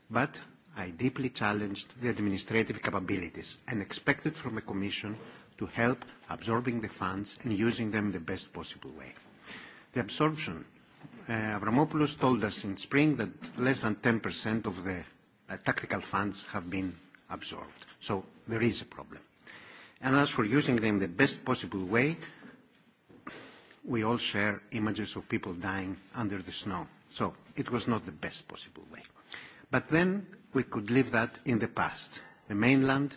But I deeply challenged the administrative capabilities and expected from the Commission to help absorbing the funds and using them the best possible way. The absorption, uh, Avramopoulos told us in spring that less than 10% of the tactical funds have been absorbed. So there is a problem. And as for using them the best possible way, we all share images of people dying under the snow. So it was not the best possible way. But then we could leave that in the past. The mainland,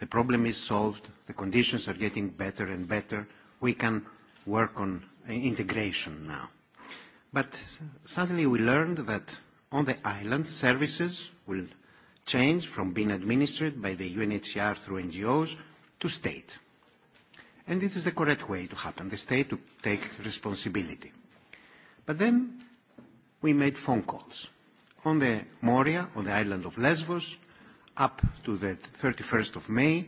the problem is solved, the conditions are getting better and better. We can work on integration now. But suddenly we learned that on the island, services will change from being administered by the UNHCR through NGOs to state. And this is the correct way to happen, the state to take responsibility. But then we made phone calls on the Moria, on the island of Lesbos, up to the 31st of May,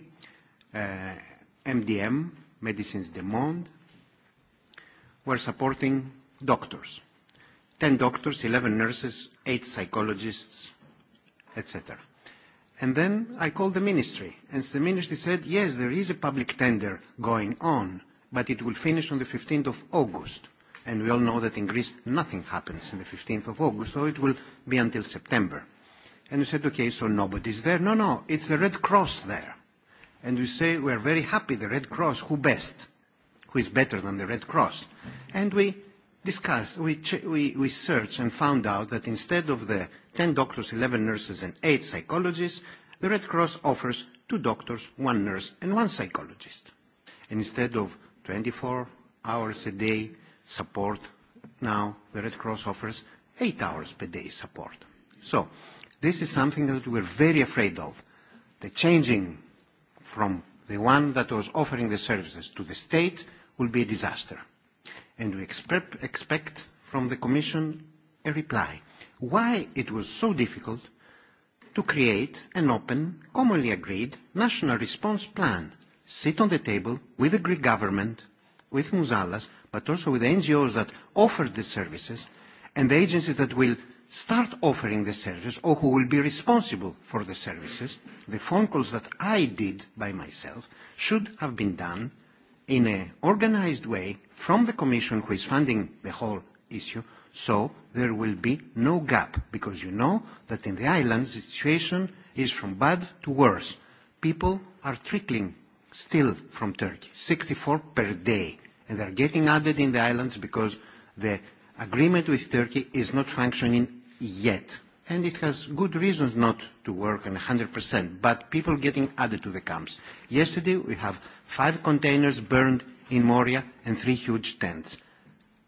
uh, MDM, Medicines de Monde, were supporting doctors. 10 doctors, 11 nurses, eight psychologists, etc. And then I called the ministry, and the ministry said, yes, there is a public tender going on, but it will finish on the 15th of August. And we all know that in Greece nothing happens on the 15th of August, so it will be until September. And we said, okay, so nobody's there. No, no, it's the Red Cross there. And we say, we're very happy, the Red Cross, who best? Who is better than the Red Cross? And we discussed, we, ch- we, we searched and found out that instead of the 10 doctors, 11 nurses, and 8 psychologists, the Red Cross offers 2 doctors, 1 nurse, and 1 psychologist. And instead of 24 hours a day support, now the Red Cross offers 8 hours per day support. So this is something that we're very afraid of. The changing from the one that was offering the services to the state will be a disaster. And we expect from the Commission a reply why it was so difficult to create an open, commonly agreed national response plan, sit on the table with the Greek government, with Musalas, but also with the NGOs that offer the services and the agencies that will start offering the services or who will be responsible for the services. The phone calls that I did by myself should have been done in an organized way from the Commission, who is funding the whole issue, So there will be no gap, because you know that in the islands the situation is from bad to worse. People are trickling still from Turkey, 64 per day, and they are getting added in the islands because the agreement with Turkey is not functioning yet. And it has good reasons not to work on 100%, but people getting added to the camps. Yesterday we have five containers burned in Moria and three huge tents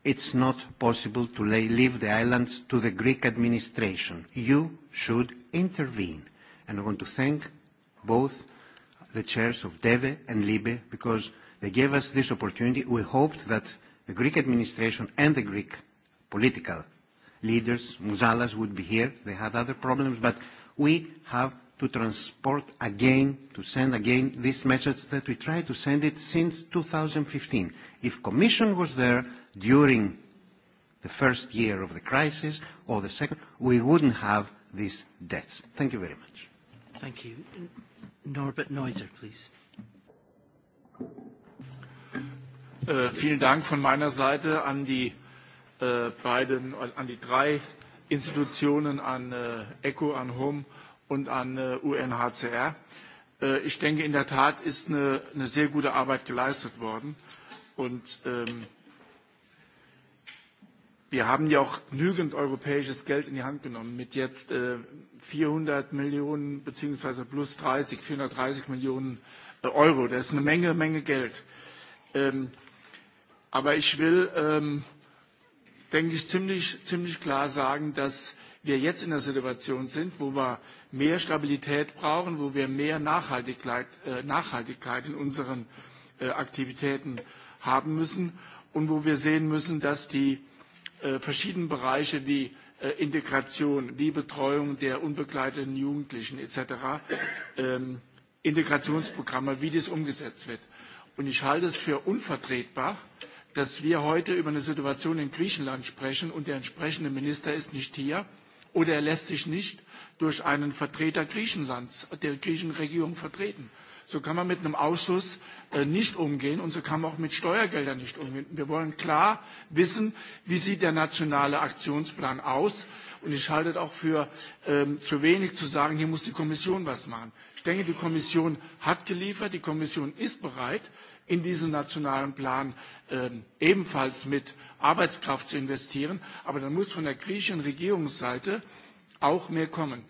it's not possible to leave the islands to the Greek administration. You should intervene. And I want to thank both the chairs of DEVE and LIBE because they gave us this opportunity. We hoped that the Greek administration and the Greek political leaders, Muzalas, would be here. They had other problems, but we have to transport again, to send again this message that we try to send it since 2015. If Commission was there during the first year of the crisis or the second, we wouldn't have these debts. Thank you very much. Thank you. Norbert Neuser, please. Vielen Dank von meiner Seite an die beiden, an die drei Institutionen, an ECHO, an HOME und an UNHCR. Ich denke, in der Tat ist eine, sehr gute Arbeit geleistet worden. Und wir haben ja auch genügend europäisches Geld in die Hand genommen mit jetzt 400 Millionen beziehungsweise plus 30, 430 Millionen Euro. Das ist eine Menge, Menge Geld. aber ich will, denke ich, ziemlich, ziemlich klar sagen, dass wir jetzt in der Situation sind, wo wir mehr Stabilität brauchen, wo wir mehr Nachhaltigkeit, Nachhaltigkeit in unseren Aktivitäten haben müssen und wo wir sehen müssen, dass die verschiedenen Bereiche wie Integration, wie Betreuung der unbegleiteten Jugendlichen etc., Integrationsprogramme, wie das umgesetzt wird. Und ich halte es für unvertretbar, dass wir heute über eine Situation in Griechenland sprechen und der entsprechende Minister ist nicht hier Oder er lässt sich nicht durch einen Vertreter Griechenlands, der griechischen Regierung, vertreten. So kann man mit einem Ausschuss nicht umgehen und so kann man auch mit Steuergeldern nicht umgehen. Wir wollen klar wissen, wie sieht der nationale Aktionsplan aus Und ich halte es auch für, ähm, zu wenig zu sagen, hier muss die Kommission was machen. Ich denke, die Kommission hat geliefert, die Kommission ist bereit, in diesen nationalen Plan ähm, ebenfalls mit Arbeitskraft zu investieren. Aber dann muss von der griechischen Regierungsseite auch mehr kommen.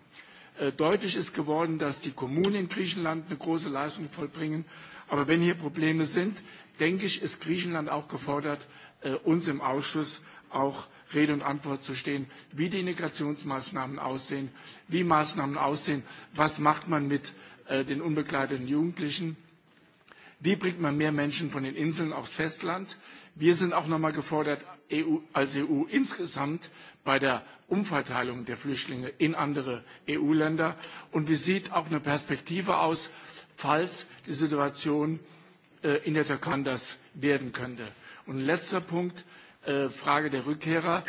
Äh, deutlich ist geworden, dass die Kommunen in Griechenland eine große Leistung vollbringen. Aber wenn hier Probleme sind, denke ich, ist Griechenland auch gefordert, uns im Ausschuss auch Rede und Antwort zu stehen, wie die Integrationsmaßnahmen aussehen, wie Maßnahmen aussehen, was macht man mit den unbegleiteten Jugendlichen, wie bringt man mehr Menschen von den Inseln aufs Festland. Wir sind auch nochmal gefordert, als EU insgesamt bei der Umverteilung der Flüchtlinge in andere EU-Länder. Und wie sieht auch eine Perspektive aus, falls die Situation in der Türkei anders werden könnte? Und letzter Punkt, Frage der Rückkehrer.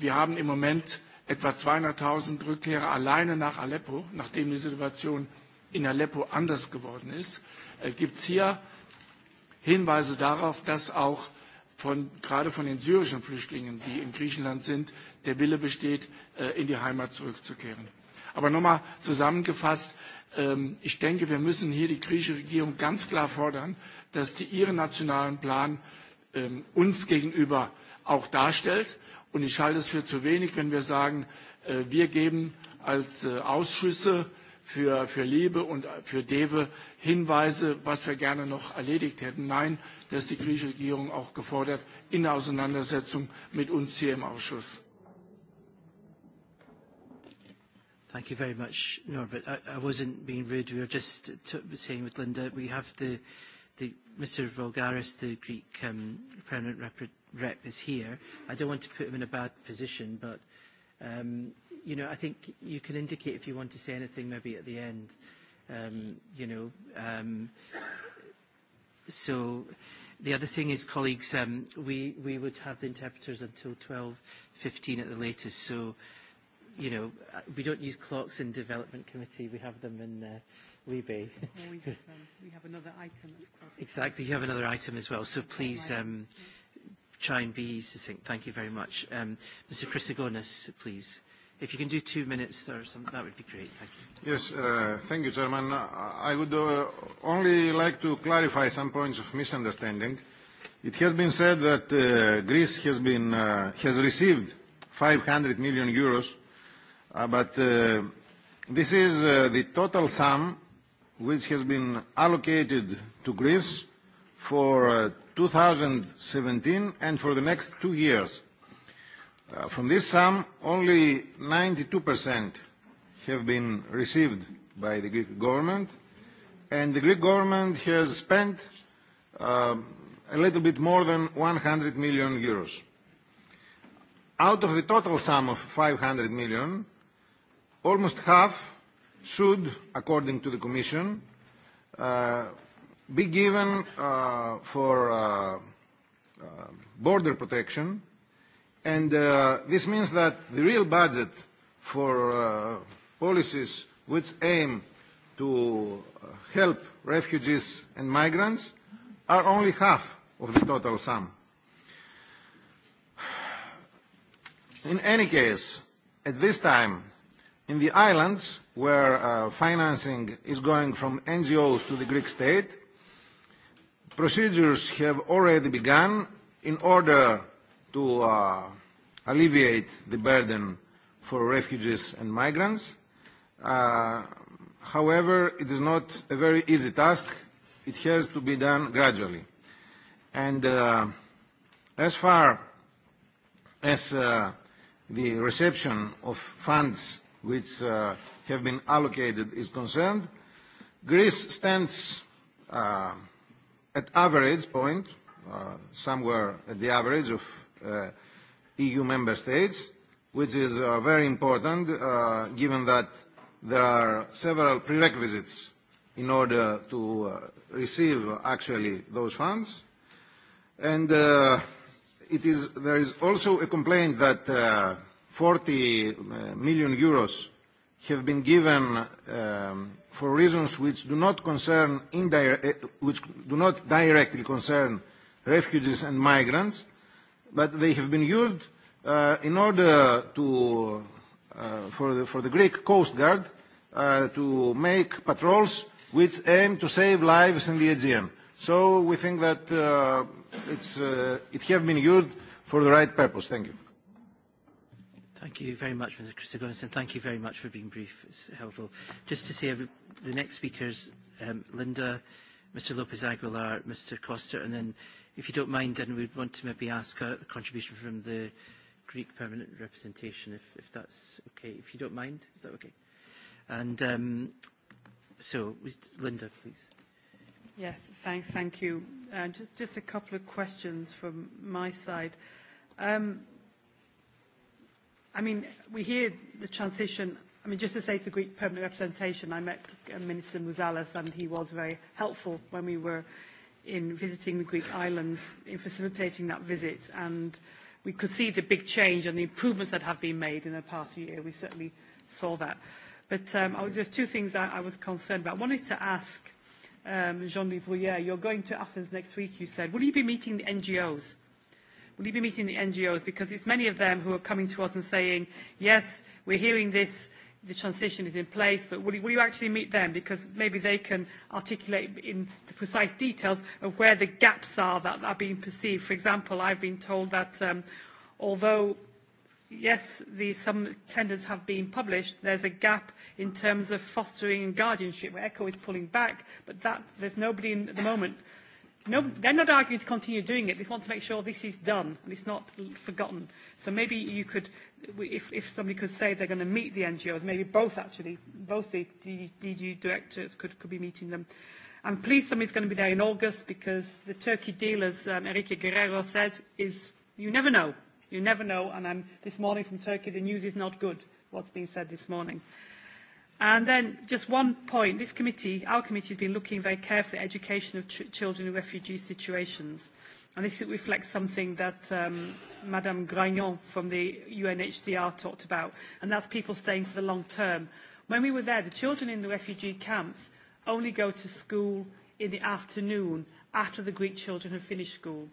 Wir haben im Moment etwa 200.000 Rückkehrer alleine nach Aleppo, nachdem die Situation in Aleppo anders geworden ist. Gibt es hier Hinweise darauf, dass auch von, gerade von den syrischen Flüchtlingen, die in Griechenland sind, der Wille besteht, in die Heimat zurückzukehren. Aber nochmal zusammengefasst, ich denke, wir müssen hier die griechische Regierung ganz klar fordern, dass sie ihren nationalen Plan uns gegenüber auch darstellt. Und ich halte es für zu wenig, wenn wir sagen, wir geben als Ausschüsse für, für Liebe und für Dewe Hinweise, was wir gerne noch erledigt hätten. Nein, das ist die griechische Regierung auch gefordert in der Auseinandersetzung mit uns hier im Ausschuss. Thank you very much, Norbert. I, I wasn't being rude. We were just saying with Linda, we have the the, Mr. Volgaris, the Greek um, permanent rep, rep, is here. I don't want to put him in a bad position, but um, you know, I think you can indicate if you want to say anything, maybe at the end. Um, you know, um, so the other thing is, colleagues, um, we we would have the interpreters until 12:15 at the latest. So, you know, we don't use clocks in development committee. We have them in. Uh, Libe. We have another item, of course. Exactly, you have another item as well, so please um, try and be succinct. Thank you very much. Um, Mr. Christogonis, please. If you can do two minutes or something, that would be great. Thank you. Yes, uh, thank you, Chairman. I would uh, only like to clarify some points of misunderstanding. It has been said that uh, Greece has, been, uh, has received 500 million euros, uh, but uh, this is uh, the total sum which has been allocated to Greece for 2017 and for the next two years. From this sum, only 92% have been received by the Greek government, and the Greek government has spent a little bit more than 100 million euros. Out of the total sum of 500 million, almost half should, according to the Commission, uh, be given uh, for uh, uh, border protection. And uh, this means that the real budget for uh, policies which aim to help refugees and migrants are only half of the total sum. In any case, at this time, in the islands, where uh, financing is going from NGOs to the Greek state. Procedures have already begun in order to uh, alleviate the burden for refugees and migrants. Uh, however, it is not a very easy task. It has to be done gradually. And uh, as far as uh, the reception of funds which uh, have been allocated is concerned, Greece stands uh, at average point, uh, somewhere at the average of uh, EU member states, which is uh, very important uh, given that there are several prerequisites in order to uh, receive actually those funds. And uh, it is, there is also a complaint that uh, 40 million euros have been given for reasons which do not concern indirect, which do not directly concern refugees and migrants, but they have been used uh, in order to, uh, for, the, for the Greek Coast Guard uh, to make patrols which aim to save lives in the Aegean. So we think that uh, it's, uh, it has been used for the right purpose. Thank you. Thank you very much, Mr. Christogonis, and thank you very much for being brief. It's helpful. Just to say, the next speakers, um, Linda, Mr. Lopez Aguilar, Mr. Costa, and then, if you don't mind, then we'd want to maybe ask a contribution from the Greek permanent representation, if, if that's okay. If you don't mind, is that okay? And um, so, Linda, please. Yes, thank, thank you. Uh, just, just a couple of questions from my side. Um, I mean, we hear the transition. I mean, just to say to the Greek permanent representation, I met Minister Mouzalas, and he was very helpful when we were in visiting the Greek islands in facilitating that visit. And we could see the big change and the improvements that have been made in the past year. We certainly saw that. But um, I was, there's two things I, I was concerned about. One is to ask um, Jean-Louis Bruyère, you're going to Athens next week, you said. Will you be meeting the NGOs? will you be meeting the NGOs? Because it's many of them who are coming to us and saying, yes, we're hearing this, the transition is in place, but will you, will you actually meet them? Because maybe they can articulate in the precise details of where the gaps are that are being perceived. For example, I've been told that um, although yes, the, some tenders have been published. There's a gap in terms of fostering and guardianship, where ECHO is pulling back, but that, there's nobody in, at the moment No, they're not arguing to continue doing it. They want to make sure this is done and it's not forgotten. So maybe you could, if, if somebody could say they're going to meet the NGOs, maybe both actually, both the DG directors could, could be meeting them. I'm pleased somebody's going to be there in August because the Turkey deal, as um, Enrique Guerrero says, is you never know. You never know. And I'm, this morning from Turkey, the news is not good, what's being said this morning. And then just one point, this committee, our committee has been looking very carefully at education of ch children in refugee situations. And this reflects something that um, Madame Gragnon from the UNHCR talked about, and that's people staying for the long term. When we were there, the children in the refugee camps only go to school in the afternoon after the Greek children have finished school.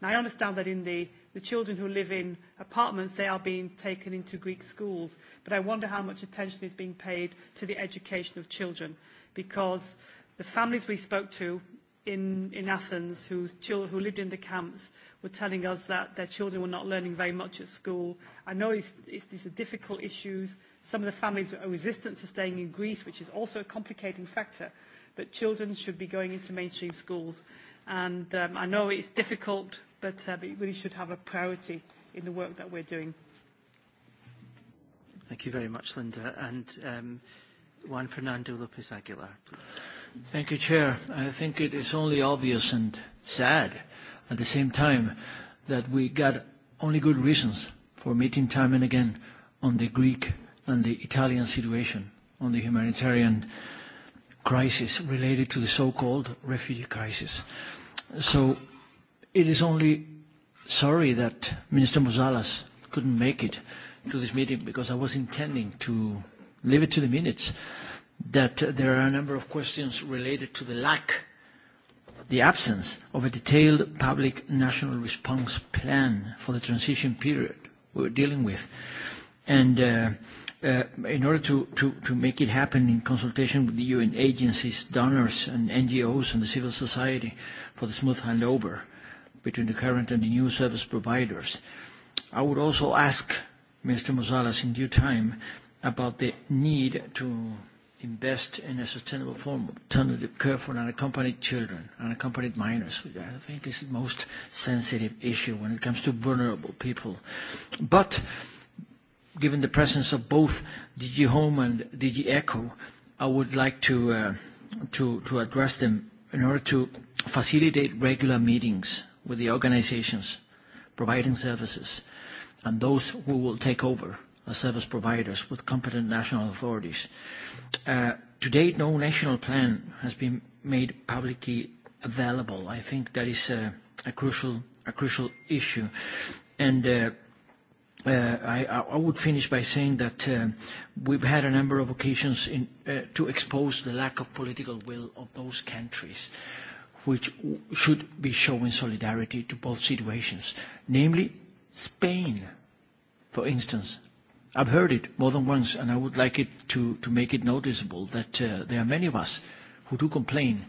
Now, I understand that in the the children who live in apartments, they are being taken into Greek schools. But I wonder how much attention is being paid to the education of children, because the families we spoke to in, in Athens who, who lived in the camps were telling us that their children were not learning very much at school. I know it's, it's, these are difficult issues. Some of the families are resistant to staying in Greece, which is also a complicating factor. But children should be going into mainstream schools. And um, I know it's difficult but, it really should have a priority in the work that we're doing. Thank you very much, Linda. And Juan Fernando Lopez Aguilar, please. Thank you, Chair. I think it is only obvious and sad at the same time that we got only good reasons for meeting time and again on the Greek and the Italian situation, on the humanitarian crisis related to the so-called refugee crisis. So It is only sorry that Minister Muzalas couldn't make it to this meeting because I was intending to leave it to the minutes that there are a number of questions related to the lack, the absence of a detailed public national response plan for the transition period we we're dealing with. And uh, uh, in order to, to, to make it happen in consultation with the UN agencies, donors and NGOs and the civil society for the smooth handover, between the current and the new service providers. I would also ask Mr. Mozalas in due time about the need to invest in a sustainable form of alternative care for unaccompanied children, unaccompanied minors, which I think is the most sensitive issue when it comes to vulnerable people. But given the presence of both DG Home and DG Echo, I would like to, to, to address them in order to facilitate regular meetings with the organisations providing services and those who will take over as service providers with competent national authorities. to date, no national plan has been made publicly available. I think that is a, crucial a crucial issue. And I, I would finish by saying that we've had a number of occasions in, to expose the lack of political will of those countries which should be showing solidarity to both situations, namely Spain, for instance. I've heard it more than once, and I would like it to, to make it noticeable that uh, there are many of us who do complain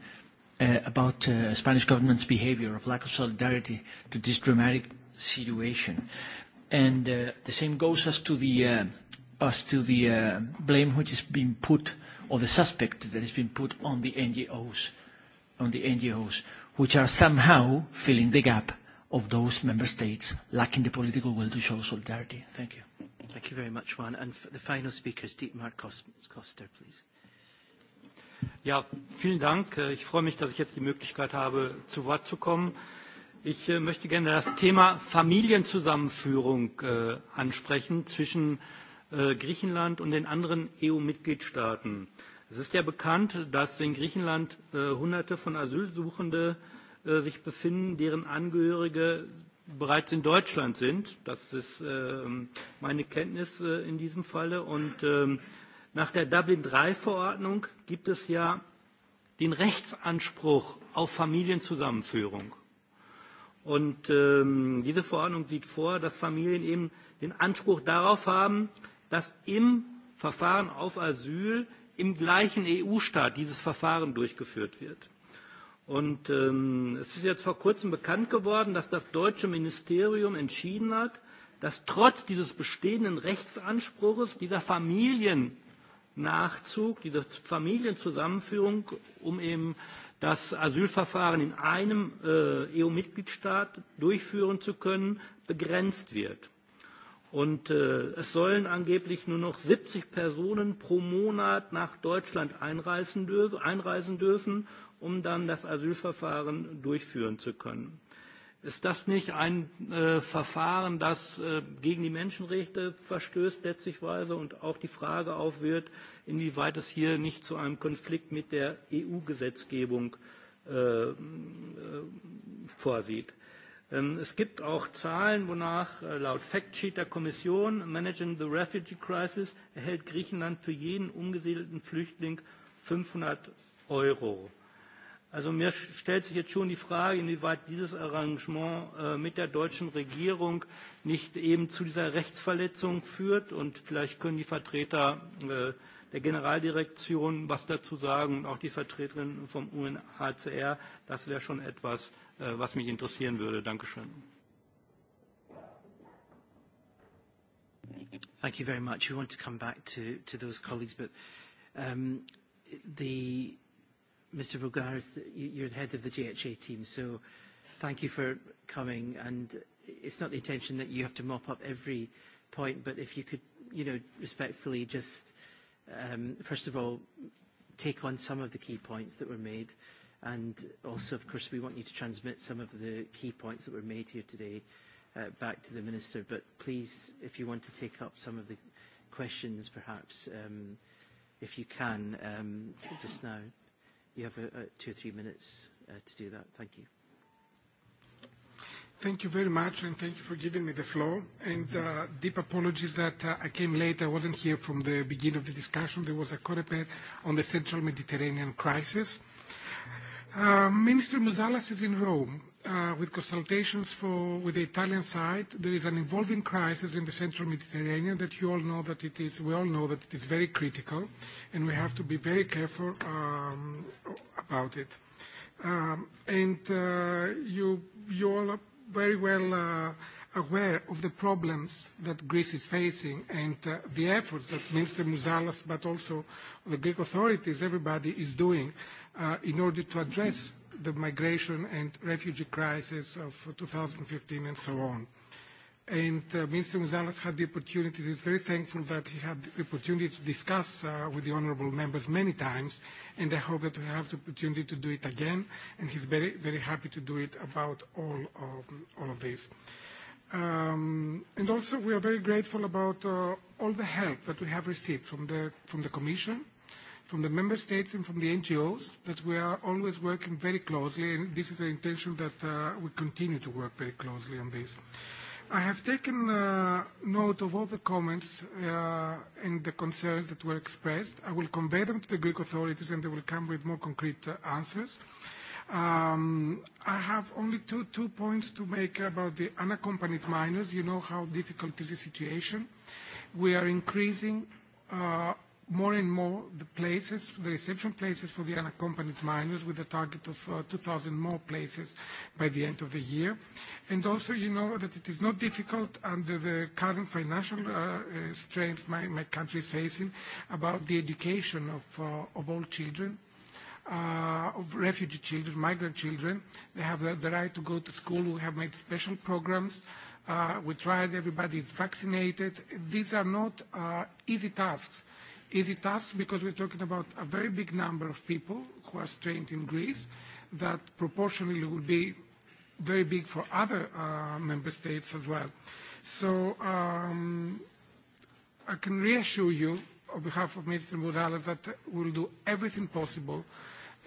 uh, about uh, Spanish government's behavior of lack of solidarity to this dramatic situation. And uh, the same goes as to the, uh, as to the uh, blame which is being put, or the suspect that has been put on the NGOs on the NGOs, which are somehow filling the gap of those member states lacking the political will to show solidarity. Thank you. Thank you very much, Juan. And the final speaker is Dietmar Koster, please. Ja, vielen Dank. Ich freue mich, dass ich jetzt die Möglichkeit habe, zu Wort zu kommen. Ich möchte gerne das Thema Familienzusammenführung ansprechen zwischen Griechenland und den anderen EU-Mitgliedstaaten. Es ist ja bekannt, dass in Griechenland Hunderte von Asylsuchenden sich befinden, deren Angehörige bereits in Deutschland sind. Das ist meine Kenntnis in diesem Falle. Und nach der Dublin III Verordnung gibt es ja den Rechtsanspruch auf Familienzusammenführung. Und diese Verordnung sieht vor, dass Familien eben den Anspruch darauf haben, dass im Verfahren auf Asyl im gleichen EU-Staat dieses Verfahren durchgeführt wird. Und ähm, es ist jetzt vor kurzem bekannt geworden, dass das deutsche Ministerium entschieden hat, dass trotz dieses bestehenden Rechtsanspruchs dieser Familiennachzug, diese Familienzusammenführung, um eben das Asylverfahren in einem äh, EU-Mitgliedstaat durchführen zu können, begrenzt wird. Und es sollen angeblich nur noch siebzig Personen pro Monat nach Deutschland einreisen dürfen, um dann das Asylverfahren durchführen zu können. Ist das nicht ein Verfahren, das gegen die Menschenrechte verstößt letztlichweise und auch die Frage aufwirft, inwieweit es hier nicht zu einem Konflikt mit der EU-Gesetzgebung vorsieht? Es gibt auch Zahlen, wonach laut Factsheet der Kommission Managing the Refugee Crisis erhält Griechenland für jeden umgesiedelten Flüchtling 500 Euro. Also mir stellt sich jetzt schon die Frage, inwieweit dieses Arrangement mit der deutschen Regierung nicht eben zu dieser Rechtsverletzung führt. Und vielleicht können die Vertreter der Generaldirektion was dazu sagen und auch die Vertreterin vom UNHCR. Das wäre schon etwas was mich interessieren würde. Dankeschön. Thank you very much. We want to come back to, to those colleagues, but um, the, Mr. Vulgaris, you're the head of the GHA team, so thank you for coming. And it's not the intention that you have to mop up every point, but if you could, you know, respectfully just, um, first of all, take on some of the key points that were made And also, of course, we want you to transmit some of the key points that were made here today uh, back to the Minister. But please, if you want to take up some of the questions, perhaps, um, if you can, um, just now, you have a, a two or three minutes uh, to do that. Thank you. Thank you very much, and thank you for giving me the floor. And uh, deep apologies that uh, I came late. I wasn't here from the beginning of the discussion. There was a co on the Central Mediterranean crisis. Minister Muzalas is in Rome uh, with consultations for, with the Italian side. There is an evolving crisis in the central Mediterranean that you all know that it is, we all know that it is very critical, and we have to be very careful um, about it. Um, and uh, you, you all are very well uh, aware of the problems that Greece is facing and uh, the efforts that Minister Muzalas, but also the Greek authorities, everybody is doing in order to address the migration and refugee crisis of 2015 and so on. And uh, Minister Muzalas had the opportunity, he's very thankful that he had the opportunity to discuss uh, with the honourable members many times, and I hope that we have the opportunity to do it again, and he's very, very happy to do it about all of, all of this. Um, and also, we are very grateful about uh, all the help that we have received from the, from the Commission, from the member states and from the NGOs that we are always working very closely, and this is the intention that uh, we continue to work very closely on this. I have taken uh, note of all the comments uh, and the concerns that were expressed. I will convey them to the Greek authorities and they will come with more concrete uh, answers. Um, I have only two, two points to make about the unaccompanied minors. You know how difficult is the situation. We are increasing uh, more and more the places, the reception places for the unaccompanied minors with a target of uh, 2,000 more places by the end of the year. And also, you know that it is not difficult under the current financial uh, uh, strength my, my country is facing about the education of, uh, of all children uh, of refugee children, migrant children. They have the, the right to go to school. We have made special programs. Uh, we tried, everybody is vaccinated. These are not uh, easy tasks. Is it us? Because we're talking about a very big number of people who are strained in Greece that proportionally will be very big for other uh, member states as well. So um, I can reassure you on behalf of Minister Morales that we'll do everything possible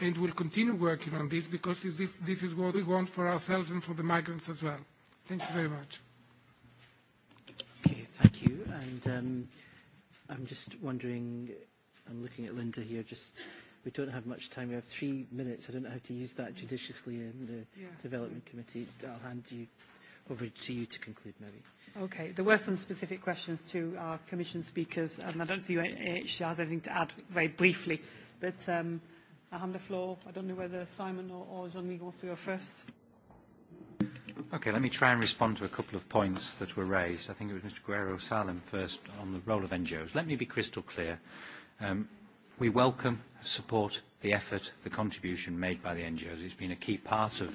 and we'll continue working on this because this, this is what we want for ourselves and for the migrants as well. Thank you very much. Okay, thank you. And um, I'm just wondering, I'm looking at Linda here, just we don't have much time. We have three minutes. I don't know how to use that judiciously in the yeah. Development Committee. I'll hand you over to you to conclude, maybe. Okay. There were some specific questions to our Commission speakers, and I don't see she has anything to add very briefly. But um, I hand the floor. I don't know whether Simon or, or Jean-Louis wants to go first. Okay, let me try and respond to a couple of points that were raised. I think it was Mr. Guerrero Salem first on the role of NGOs. Let me be crystal clear. Um, we welcome, support the effort, the contribution made by the NGOs. It's been a key part of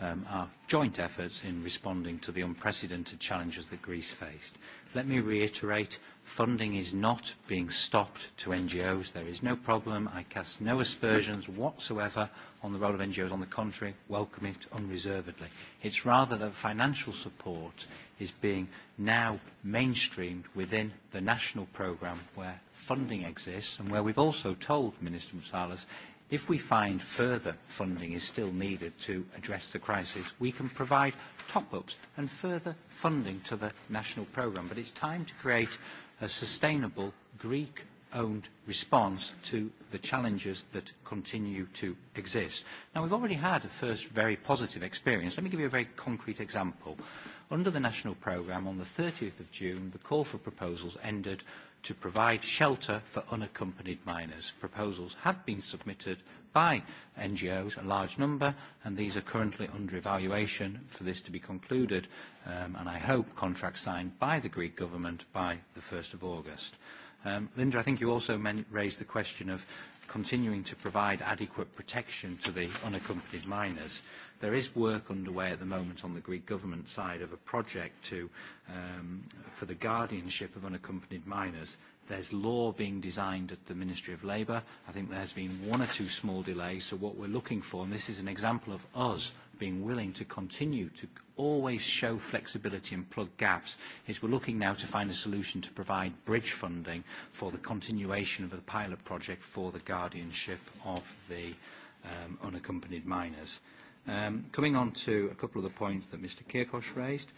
our joint efforts in responding to the unprecedented challenges that Greece faced. Let me reiterate, funding is not being stopped to NGOs. There is no problem. I cast no aspersions whatsoever on the role of NGOs. On the contrary, welcome it unreservedly. It's rather that financial support is being now mainstreamed within the national programme where funding exists and where we've also told Minister Mousalas If we find further funding is still needed to address the crisis, we can provide top-ups and further funding to the national programme. But it's time to create a sustainable Greek-owned response to the challenges that continue to exist. Now, we've already had a first very positive experience. Let me give you a very concrete example. Under the national programme, on the 30th of June, the call for proposals ended to provide shelter for unaccompanied minors. Proposals have been submitted by NGOs, a large number, and these are currently under evaluation for this to be concluded, um, and I hope contracts signed by the Greek government by the 1st of August. Um, Linda, I think you also raised the question of continuing to provide adequate protection to the unaccompanied minors. There is work underway at the moment on the Greek government side of a project to, um, for the guardianship of unaccompanied minors There's law being designed at the Ministry of Labour. I think there's been one or two small delays. So what we're looking for, and this is an example of us being willing to continue to always show flexibility and plug gaps, is we're looking now to find a solution to provide bridge funding for the continuation of the pilot project for the guardianship of the um, unaccompanied minors. Um, coming on to a couple of the points that Mr. Kirkos raised,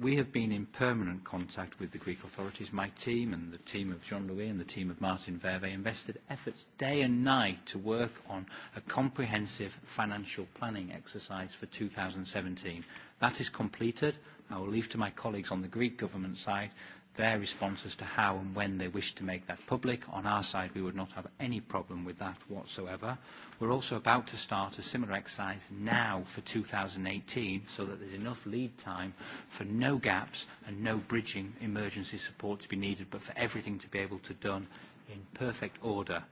we have been in permanent contact with the Greek authorities. My team and the team of Jean-Louis and the team of Martin Verve invested efforts day and night to work on a comprehensive financial planning exercise for 2017. That is completed. I will leave to my colleagues on the Greek government side their response as to how and when they wish to make that public. On our side, we would not have any problem with that whatsoever. We're also about to start a similar exercise now for 2018 so that there's enough lead time for no gaps and no bridging emergency support to be needed, but for everything to be able to done in perfect order.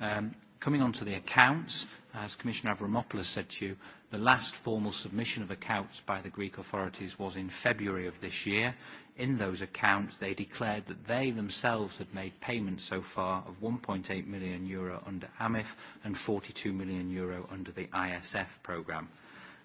Um, coming on to the accounts, as Commissioner Avramopoulos said to you, the last formal submission of accounts by the Greek authorities was in February of this year. In those accounts, they declared that they themselves had made payments so far of 1.8 million euro under AMIF and 42 million euro under the ISF programme.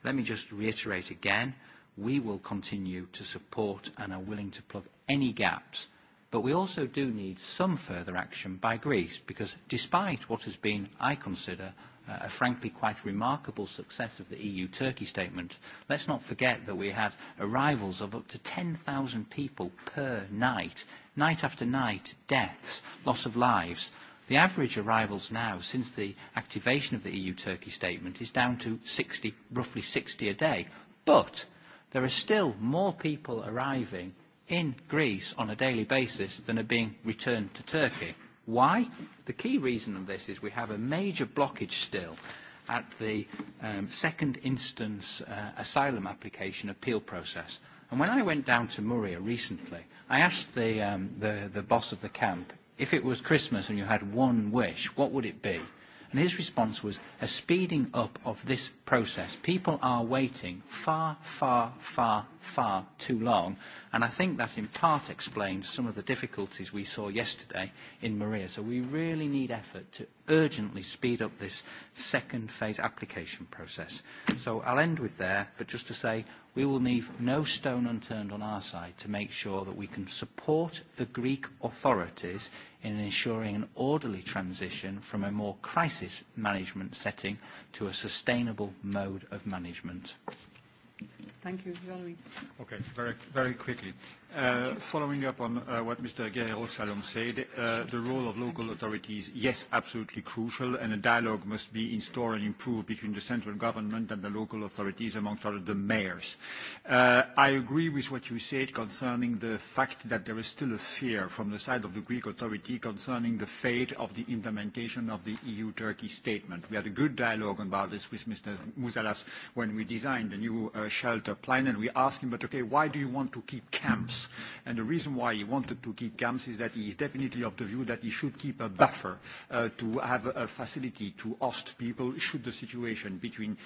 Let me just reiterate again, we will continue to support and are willing to plug any gaps But we also do need some further action by Greece because despite what has been, I consider, a frankly quite remarkable success of the EU-Turkey statement, let's not forget that we had arrivals of up to 10,000 people per night, night after night, deaths, loss of lives. The average arrivals now, since the activation of the EU-Turkey statement, is down to 60, roughly 60 a day. But there are still more people arriving in Greece on a daily basis than are being returned to Turkey. Why? The key reason of this is we have a major blockage still at the um, second instance uh, asylum application appeal process. And when I went down to Muria recently, I asked the, um, the, the boss of the camp, if it was Christmas and you had one wish, what would it be? And his response was a speeding up of this process. People are waiting far, far, far, far too long. And I think that in part explains some of the difficulties we saw yesterday in Maria. So we really need effort to urgently speed up this second phase application process. So I'll end with there, but just to say We will leave no stone unturned on our side to make sure that we can support the Greek authorities in ensuring an orderly transition from a more crisis management setting to a sustainable mode of management. Thank you, Okay, very, very quickly. Following up on what Mr. Guerrero-Salom said, the role of local authorities, yes, absolutely crucial, and a dialogue must be installed and improved between the central government and the local authorities, amongst other the mayors. I agree with what you said concerning the fact that there is still a fear from the side of the Greek authority concerning the fate of the implementation of the EU-Turkey statement. We had a good dialogue about this with Mr. Mouzalas when we designed the new shelter plan, and we asked him, "But okay, why do you want to keep camps CAMS. And the reason why he wanted to keep CAMS is that he is definitely of the view that he should keep a buffer to have a facility to host people should the situation between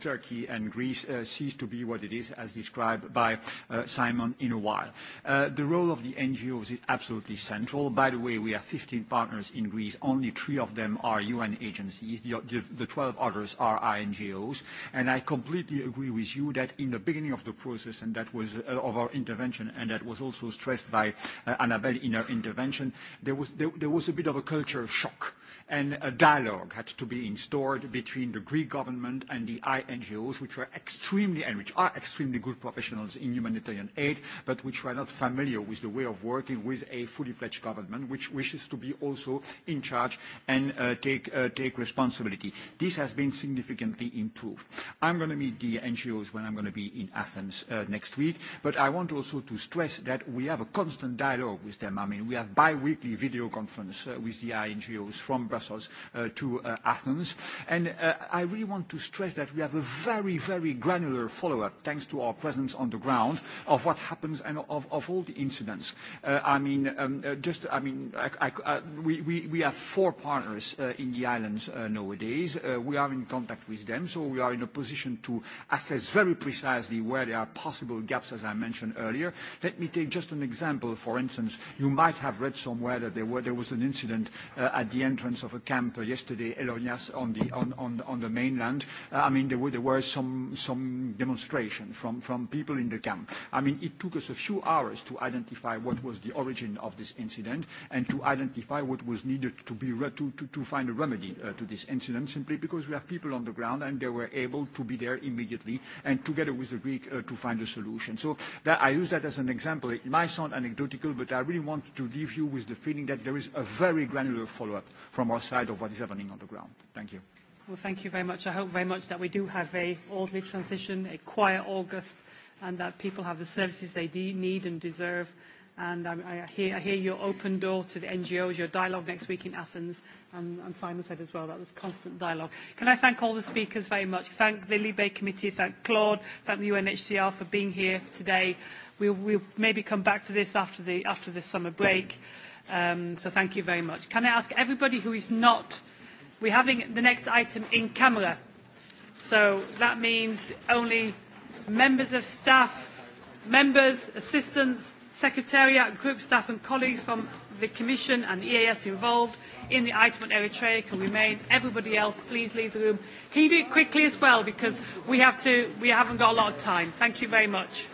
Turkey and Greece cease to be what it is, as described by Simon in a while. The role of the NGOs is absolutely central. By the way, we have 15 partners in Greece. Only three of them are UN agencies. The 12 others are NGOs. And I completely agree with you that in the beginning of the process, and that was of our intervention intervention, and that was also stressed by Annabel in her intervention, there was a bit of a culture shock, and a dialogue had to be installed between the Greek government and the NGOs, which were extremely, and which are extremely good professionals in humanitarian aid, but which were not familiar with the way of working with a fully fledged government, which wishes to be also in charge and take responsibility. This has been significantly improved. I'm going to meet the NGOs when I'm going to be in Athens next week, but I want also also to stress that we have a constant dialogue with them. I mean, we have bi-weekly video conference with the NGOs from Brussels to Athens. And I really want to stress that we have a very, very granular follow-up, thanks to our presence on the ground, of what happens and of all the incidents. I mean, just, I mean, we have four partners in the islands nowadays. We are in contact with them, so we are in a position to assess very precisely where there are possible gaps, as I mentioned earlier here. Let me take just an example. For instance, you might have read somewhere that there was an incident at the entrance of a camp yesterday, Elonias, on the mainland. I mean, there were some demonstration from people in the camp. I mean, it took us a few hours to identify what was the origin of this incident and to identify what was needed to to find a remedy to this incident, simply because we have people on the ground, and they were able to be there immediately and together with the Greek to find a solution. So that I use that that as an example. It might sound anecdotal, but I really want to leave you with the feeling that there is a very granular follow-up from our side of what is happening on the ground. Thank you. Well, thank you very much. I hope very much that we do have an orderly transition, a quiet August, and that people have the services they need and deserve. And I, hear, your open door to the NGOs, your dialogue next week in Athens, and Simon said as well that there's constant dialogue. Can I thank all the speakers very much? Thank the Libe Committee, thank Claude, thank the UNHCR for being here today We'll, we'll maybe come back to this after the, after the summer break. Um, so thank you very much. Can I ask everybody who is not, we're having the next item in camera. So that means only members of staff, members, assistants, secretariat, group staff and colleagues from the Commission and EAS involved in the item on Eritrea can remain. Everybody else, please leave the room. He do it quickly as well because we, have to, we haven't got a lot of time. Thank you very much.